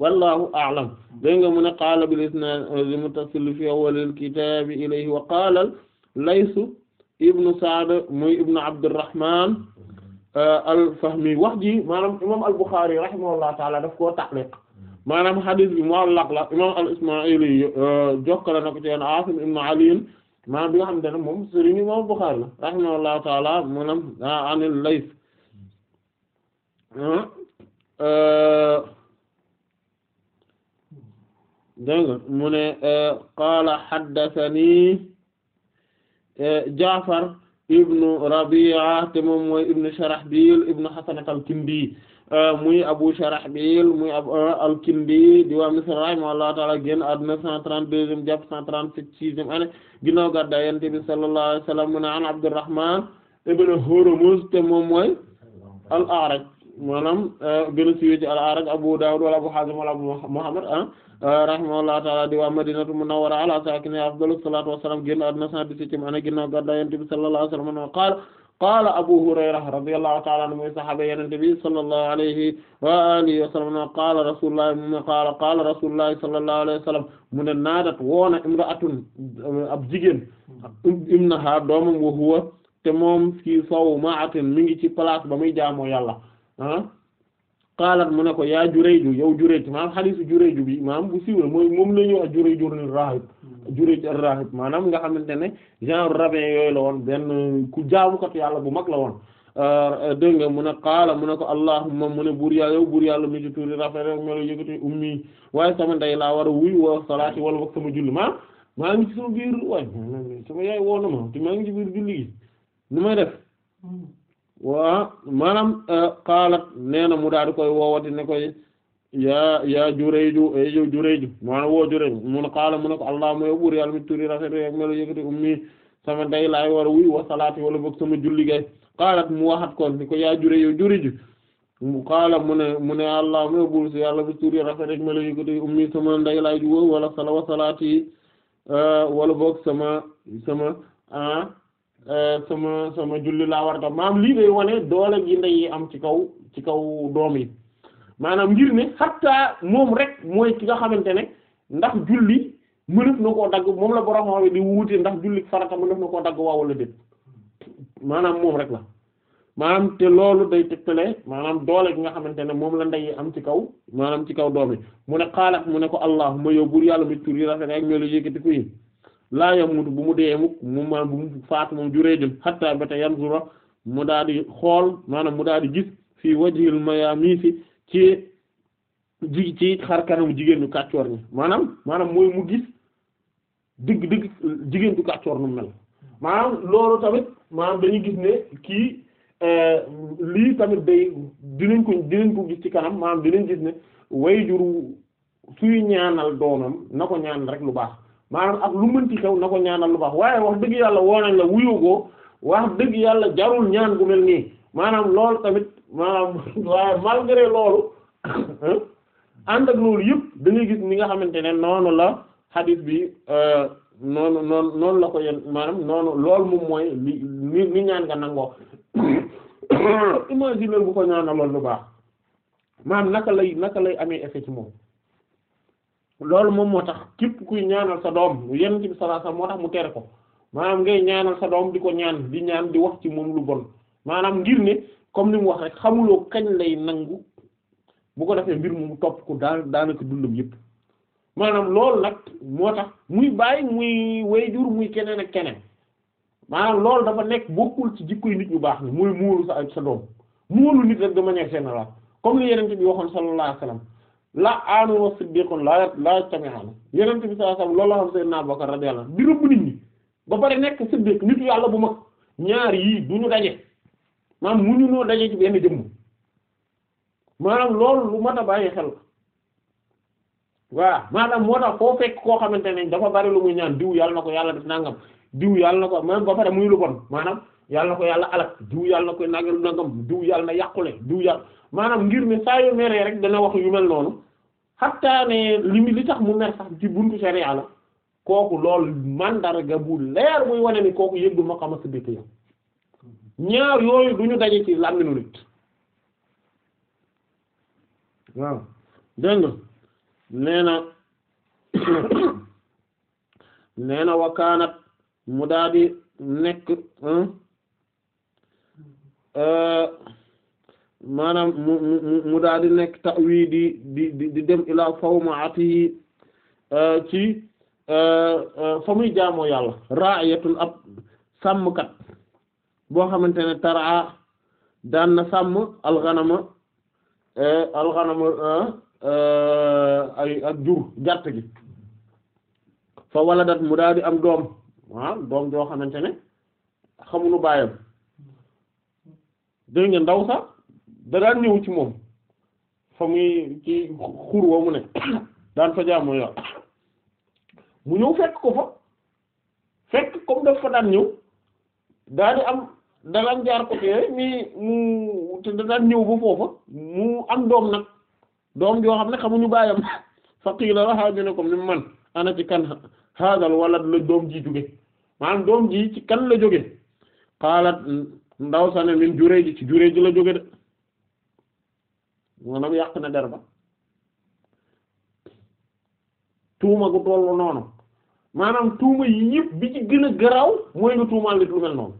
Speaker 2: wallahu a'lam dégg nga mu ne qaala bil isnaad muttasil fi awwalil kitaabi ilayhi wa qaala laysu ibnu saad muy ibnu abdurrahman uh, al fahmi wax ji maanaam imam al buxaari rahimahullahu taala daf koo taxliq maanaam hadith bi mu'allaq la imam al-Isma'ili euh, jokkale na ko ci Asim ibn Ali maanaam bi nga xamante ne moom sëriñu imam Bukhari la rahimahullahu ta'ala maanaam an al-Layth euh, dégg nga mu ne euh, qaala haddathani Ja'far ibnu Rabi'a te moom mooy ibnu Sharahbil ibnu Hasanat al-Kindi Euh, muy Abu Sharahbil muy euh, al-Kindi di waa Misr rahimahullahu ta'ala génn àdduna 132e jàpp 136e année ginnaaw gàddaay Yonent bi sallallahu alayhi wa sallam mu ne an Abdurrahman ibn Hurmuz te moom al-A'raj maanaam euh, gën a siiwee al-A'raj Abu Dawud wala Abu Hazim wala Abu Muhammad ah, rahimahullahu ta'ala di waa Madinatu Munawwara ala saakinihaa afdalu salaatu wa salaam génn àdduna 117e année ginnaaw gàddaay Yonent bi sallallahu alayhi wa sallam qaala Abu Hurayra radiyallahu ta'ala anhu mooy saxaaba Yonent bi sallallahu alayhi wa alihi wa sallam qaala Rasulullah mu qaala qaala Rasulullah sallallahu alayhi wa sallam mu ne naadat woona imra'atun ab jigéen ibnaha doomam wa huwa te moom fii sawma'atin mi ngi ci place ba muy jaamoo yàlla ah xaalaat mu ne ko yaa Jurayju yow Jurayju maanaam xadiisu Jurayju bi maanaam bu siiwee mooy moom la ñuy wax Jurayju ar-raahib Jurayju ar maanaam nga xamante ne genre rabbin yooyu la woon benn ku jaamu jaamukat yàlla bu mag la woon euh, dégg nga mu ne xaala mu ne ko allahumma mu ne buur yàlla yow buur yàlla mi ci tuuri rafet rek melo yëkkati ummi waaye sama ndey laa war a wuy wa salaati wala wax sama julli maa maa ngi ci sama biir waaye sama yaay woona maa ngi ci biir julli gi lu may def hmm. wa maanaam e, qaalat nee na mu daal di koy woowati ne koy yaa yaa Jurayju ay e, yow Jurayju maanaam woo Jurayju mun kaala mu ne ko allahumma yow buur yàlla mi turi rafet rek melo yëkkati ummi sama day laay war a wuy wa salaati wala book sama julli gay qaalat mu waxat kon ni ko yaa Jurayju yow Jurayju mu qaala mu ne mu ne allahumma yow buur yàlla mi turi rafet rek melo yëkkati ummi sama day laay ju wala sala wa salaati e, wala boog sama sama ah Euh, sama sama julli laa war maam lii day wane doole gi ndey am ci kaw ci kaw doom yi maanaam ngir ne xatta moom rek mooy ki nga xamante ne ndax julli mënef na koo dagg moom la borom xam di wuute ndax julli farata mënef na koo dagg waaw wala déet maanaam rek la maanaam te loolu day tegtale maanaam doole gi nga xamante ne moom la ndey am ci kaw maanaam ci kaw doom yi mu ne xaalat mu ne ko allahumma yow buur yàlla mi tur yi rafet ak ñoo la yékkati ko laa yamutu bu mu dee mukk mu maanaam bu mu faat moom juree jëm xatta ba te yanzura mu daal di xool maanaam mu daal di gis fii wajhil mayamis ci ji ci xar kanamu jigéen ñu kàccoor ñi maanaam maanaam mooy mu gis dëgg dëgg jigéen du kàccoor nu mel maanaam loolu tamit maanaam dañuy gis ne kii euh, lii tamit day dinañ ko dinañ ko gis ci kanam maanaam dinañ gis ne way juru suy ñaanal doomam na ko ñaan rek lu baax maanaam ak lu mënti xew na ko ñaanal lu baax waaye wax dëgg yàlla woo nañ la ko wax dëgg yàlla jarul ñaan gu mel nii maanaam loolu tamit maanaam waaye malgré loolu ànd ak loolu yëpp dangay ngay gis ni nga xamante ne noonu la hadith bi euh, noonu noonu la ko yen maanaam noonu loolu moom mooy li ni ni ñaan nga nangoo imaginer bu ko ñaanaloon lu baax maanaam naka lay naka lay amee effet ci moom loolu moom moo tax képp kuy ñaanal sa doom yonent bi sallallahu alayhi wasallam moo tax mu tere ko maanaam ngay ñaanal sa doom di ko ñaan di ñaan di wax ci moom lu bon maanaam ngir ne comme ni mu wax rek xamuloo kañ lay nangu bu ko defee mbir mu topp ko daan daanaka dundam yépp maanaam loolu nag moo tax muy bàyyi muy wayjur muy keneen ak keneen maanaam loolu dafa nekk bokkul ci jikkoy nit ñu baax ni muy muulu sa sa doom muulu nit rek de manière générale comme li yonent bi waxoon sallallahu alayhi wasallam la aanu wa siddiqun la la tamihan yenente bi sallallahu alayhi wasallam loolu la xam sayyidina Abubakar radiyallahu anhu di rëbb nit ñi ba pare nekk siddiq nitu yàlla bu mag ñaar yii du ñu daje maanaam mu ñu noo daje ci benn jëmm maanaam loolu lu mat a bàyyi xel voilà maanaam moo tax foo fekk koo xamante ne dafa bari lu muy ñaan diw yàlla na ko yàlla def nangam diw yàlla na ko maanaam ba pare muy lu bon maanaam yàlla na ko yàlla alak diw yàlla na koy nangam diw yàlla na yàqule diw yàlla maanaam ngir ne saa yu meree rek dana wax yu mel noonu xataa ne li tax mu mer sax ci buntu sharia la kooku lool mandarga bu leer buy wane ni kooku yëggul maqama siddiqi ñaar yooyu du ñu daje ci làmmiñu nit waaw dégg nga nee na nee wakaanat mu daal nekk hmm? euh, maanaam mu mu mu daal di nekk tawi di di di dem ilaa fawmaatihi euh, ci euh, euh, fa muy jaamoo yàlla raayatun ab sàmmkat boo xamante ne taraa daan na sàmm alxanama alxanama ay jur gàtt gi fa waladat mu daal am doom ah doom joo xamante ne xamuñu baayam dégg ndaw sax da daan ñëw ci moom fa muy ci xur wa mu ne daan fa jaamu yàlla mu ñëw fekk ko fa fekk comme daf fa daan ñëw daa di am dalaan jaar ko tee mi mu te da daan ñëw ba foofa mu am doom nag doom yoo xam ne xamuñu baayam faqila lahaa ñu ne ko mim man ana ci kan haadal walad la doom ji jóge maanaam doom ji ci kan la jóge qaalat ndaw sa ne min Jurayj ci Jurayj la jóge de maanaam yàq na der ba tuuma gu tollu noonu maanaam tuuma yi yëpp bi ci gën a garaaw mooy nga tuumaal nit lu mel noonu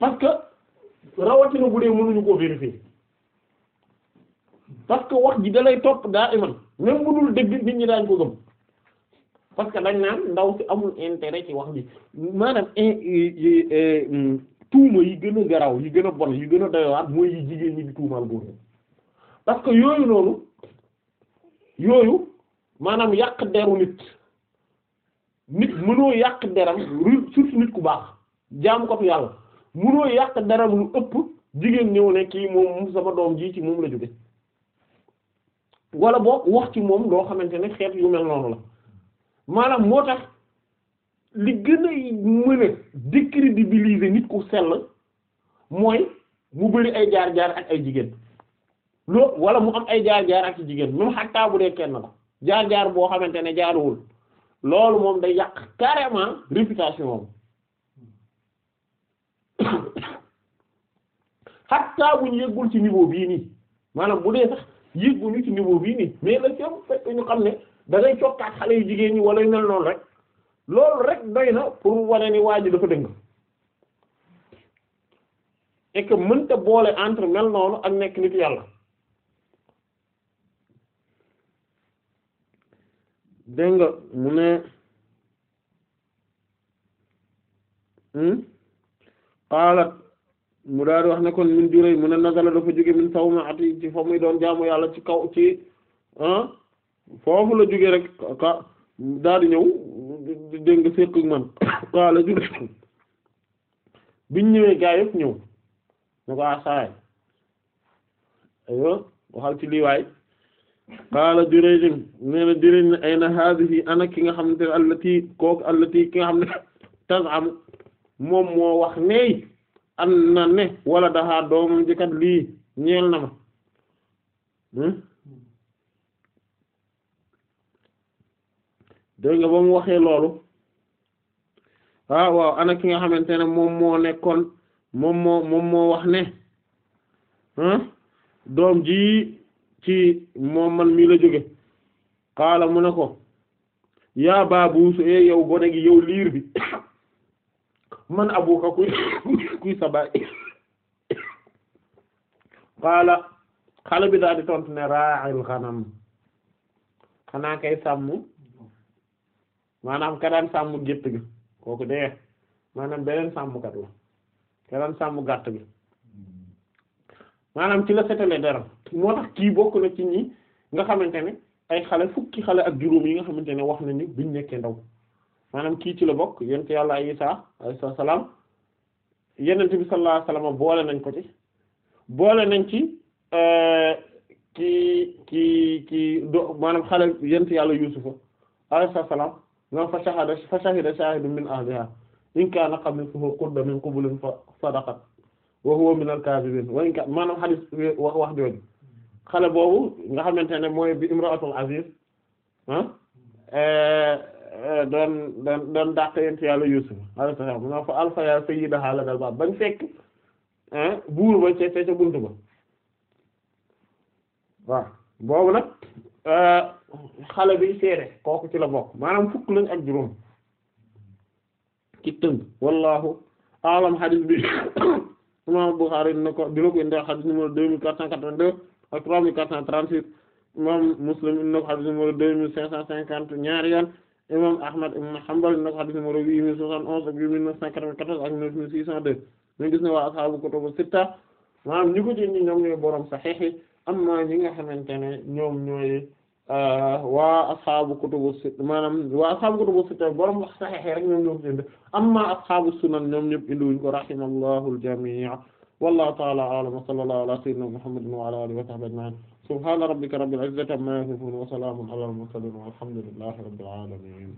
Speaker 2: parce que rawatina bu dee mënuñu koo vérifier parce que wax ji dalay lay topp daa iman même bu dul dëgg nit ñi daañ ko gëm parce que dañ naan ndaw si amul intérêt ci wax bi maanaam tuuma yi gën a garaw yi gën a bon yi gën a doywaat mooy yi jigéen ñi di tuumaal góor parce que yooyu noonu yooyu maanaam yàq deru nit nit mënoo yàq deram surtout nit ku baax jaamu ko fi yàlla mënoo yàq deram lu ëpp jigéen ñëw ne kii moom sama doom ji ci moom la jóge walla boo wax ci moom loo xamante ne xeet yu mel noonu la maanaam moo tax li gën a mën a nit ku sell mooy mu bëri ay jaar-jaar ak ay jigéen loo wala mu am ay jaar-jaar ak jigéen moom xattaa bu dee kenn la jaar-jaar boo xamante ne jaaruwul loolu moom day yàq carrément réputation moom xattaa bu ñu yëggul ci niveau bii nii maanaam bu dee sax yëgguñu ci niveau bii nii mais la ci fekk ñu xam ne da ngay cokkaat xale yu jigéen ñi wala yu mel noonu rek loolu rek doy na pour wane ni waa ji dafa dëng et mënta boole entre mel noonu ak nekk nit yàlla dégg nga mu ne xaalat hmm? mu daal di wax ne kon min duréy mu ne nazala dafa jóge min saw ma ati ci fa muy doon jaamu yàlla ci kaw ci ah? foofu la jóge rek ka daal ñëw dégg nga séq ak man waaw la ñëwee gaa yëpp ñëw ñu ko asaay ah, aywa waxal ci lii waay qaala Jurayj nee na Jurayj ne ayna haadihi ana ki nga xam ne allati kooku allati ki nga xam ne tazamu moom moo wax ney an ne wala daxaa doomam ji lii ñeel na ma hmm? dégg nga ba mu waxee loolu ah waaw ana ki nga xamante ne moom moo nekkoon moom moo moom moo wax ne ah, doom ji ci moom man mii la jóge xaala mu ne ko yaa baabuus e eh, yow gone gi yow liir bi man abuka kuy kuy sa xaala bi daal di tontu ne raa'il xanam xanaa kay sàmm maanaam ka daan sàmm gétt gi kooku dee maanaam beneen sàmmkat la ka daan sàmm gàtt bi maanaam ci la setale dara moo tax kii bokk na ci ñi nga xamante ne ay xale fukki xale ak juróom yi nga xamante ne wax na ni biñ nekkee ndaw maanaam kii ci la bokk yent yàlla Isaa alayhi salaam yenent bi sallallahu alayhi boole nañ ko ci boole nañ ci euh, ki ki do maanaam xale yent yàlla Yuusufa alayhi salaam non fa shahada fa shahida shahidun min ahliha in kaana qamisuhu qudda min qublin fa sadaqat wa huwa al-kaazibin wa in kaana wax wax jooju xale boobu nga xamante ne mooy bi imra'atul aziz ah doon doon yent yàlla yusuf alayhi salaam fa alfa ya dal ba bañ fekk buur ba ce ce bunt ba waaw boobu nag Euh, xale bi seede kooku ci la bokk maanaam fukk lañ ak juróom ci tënk wallahu aalam hadith bi imam Bukhari dina ko dina ko indi hadith numéro deux mille quatre cent quatre-vingt-deux ak trois mille quatre cent trente-huit imam Muslim dina ko hadith deux mille cinq cent cinquante ñaari imam Ahmad ibn Hanbal dina huit mille soixante onze ak huit mille neuf cent quatre-vingt-quatorze ak neuf six cent deux ñu gis ne waa ashaabu kutubu sitta maanaam ñu ko amma ñi nga xamante ne ñoom ñooy euh, waa asxaabu kutubu sitta maanaam waa asxaabu kutubu sitta borom wax saxexe rek ñoom ñoo ko indi amma asxaabu sunan ñoom ñëpp indiwuñ ko rahimallahu al-jamii' wallahu ta'ala a'lam wa sallallahu ala sayyidina muhammadin wa ala alihi wa sahbihi ajma'in subhana rabbika rabbil izzati amma yasifun wa salamun ala al-mursalin walhamdulillahi rabbil alamin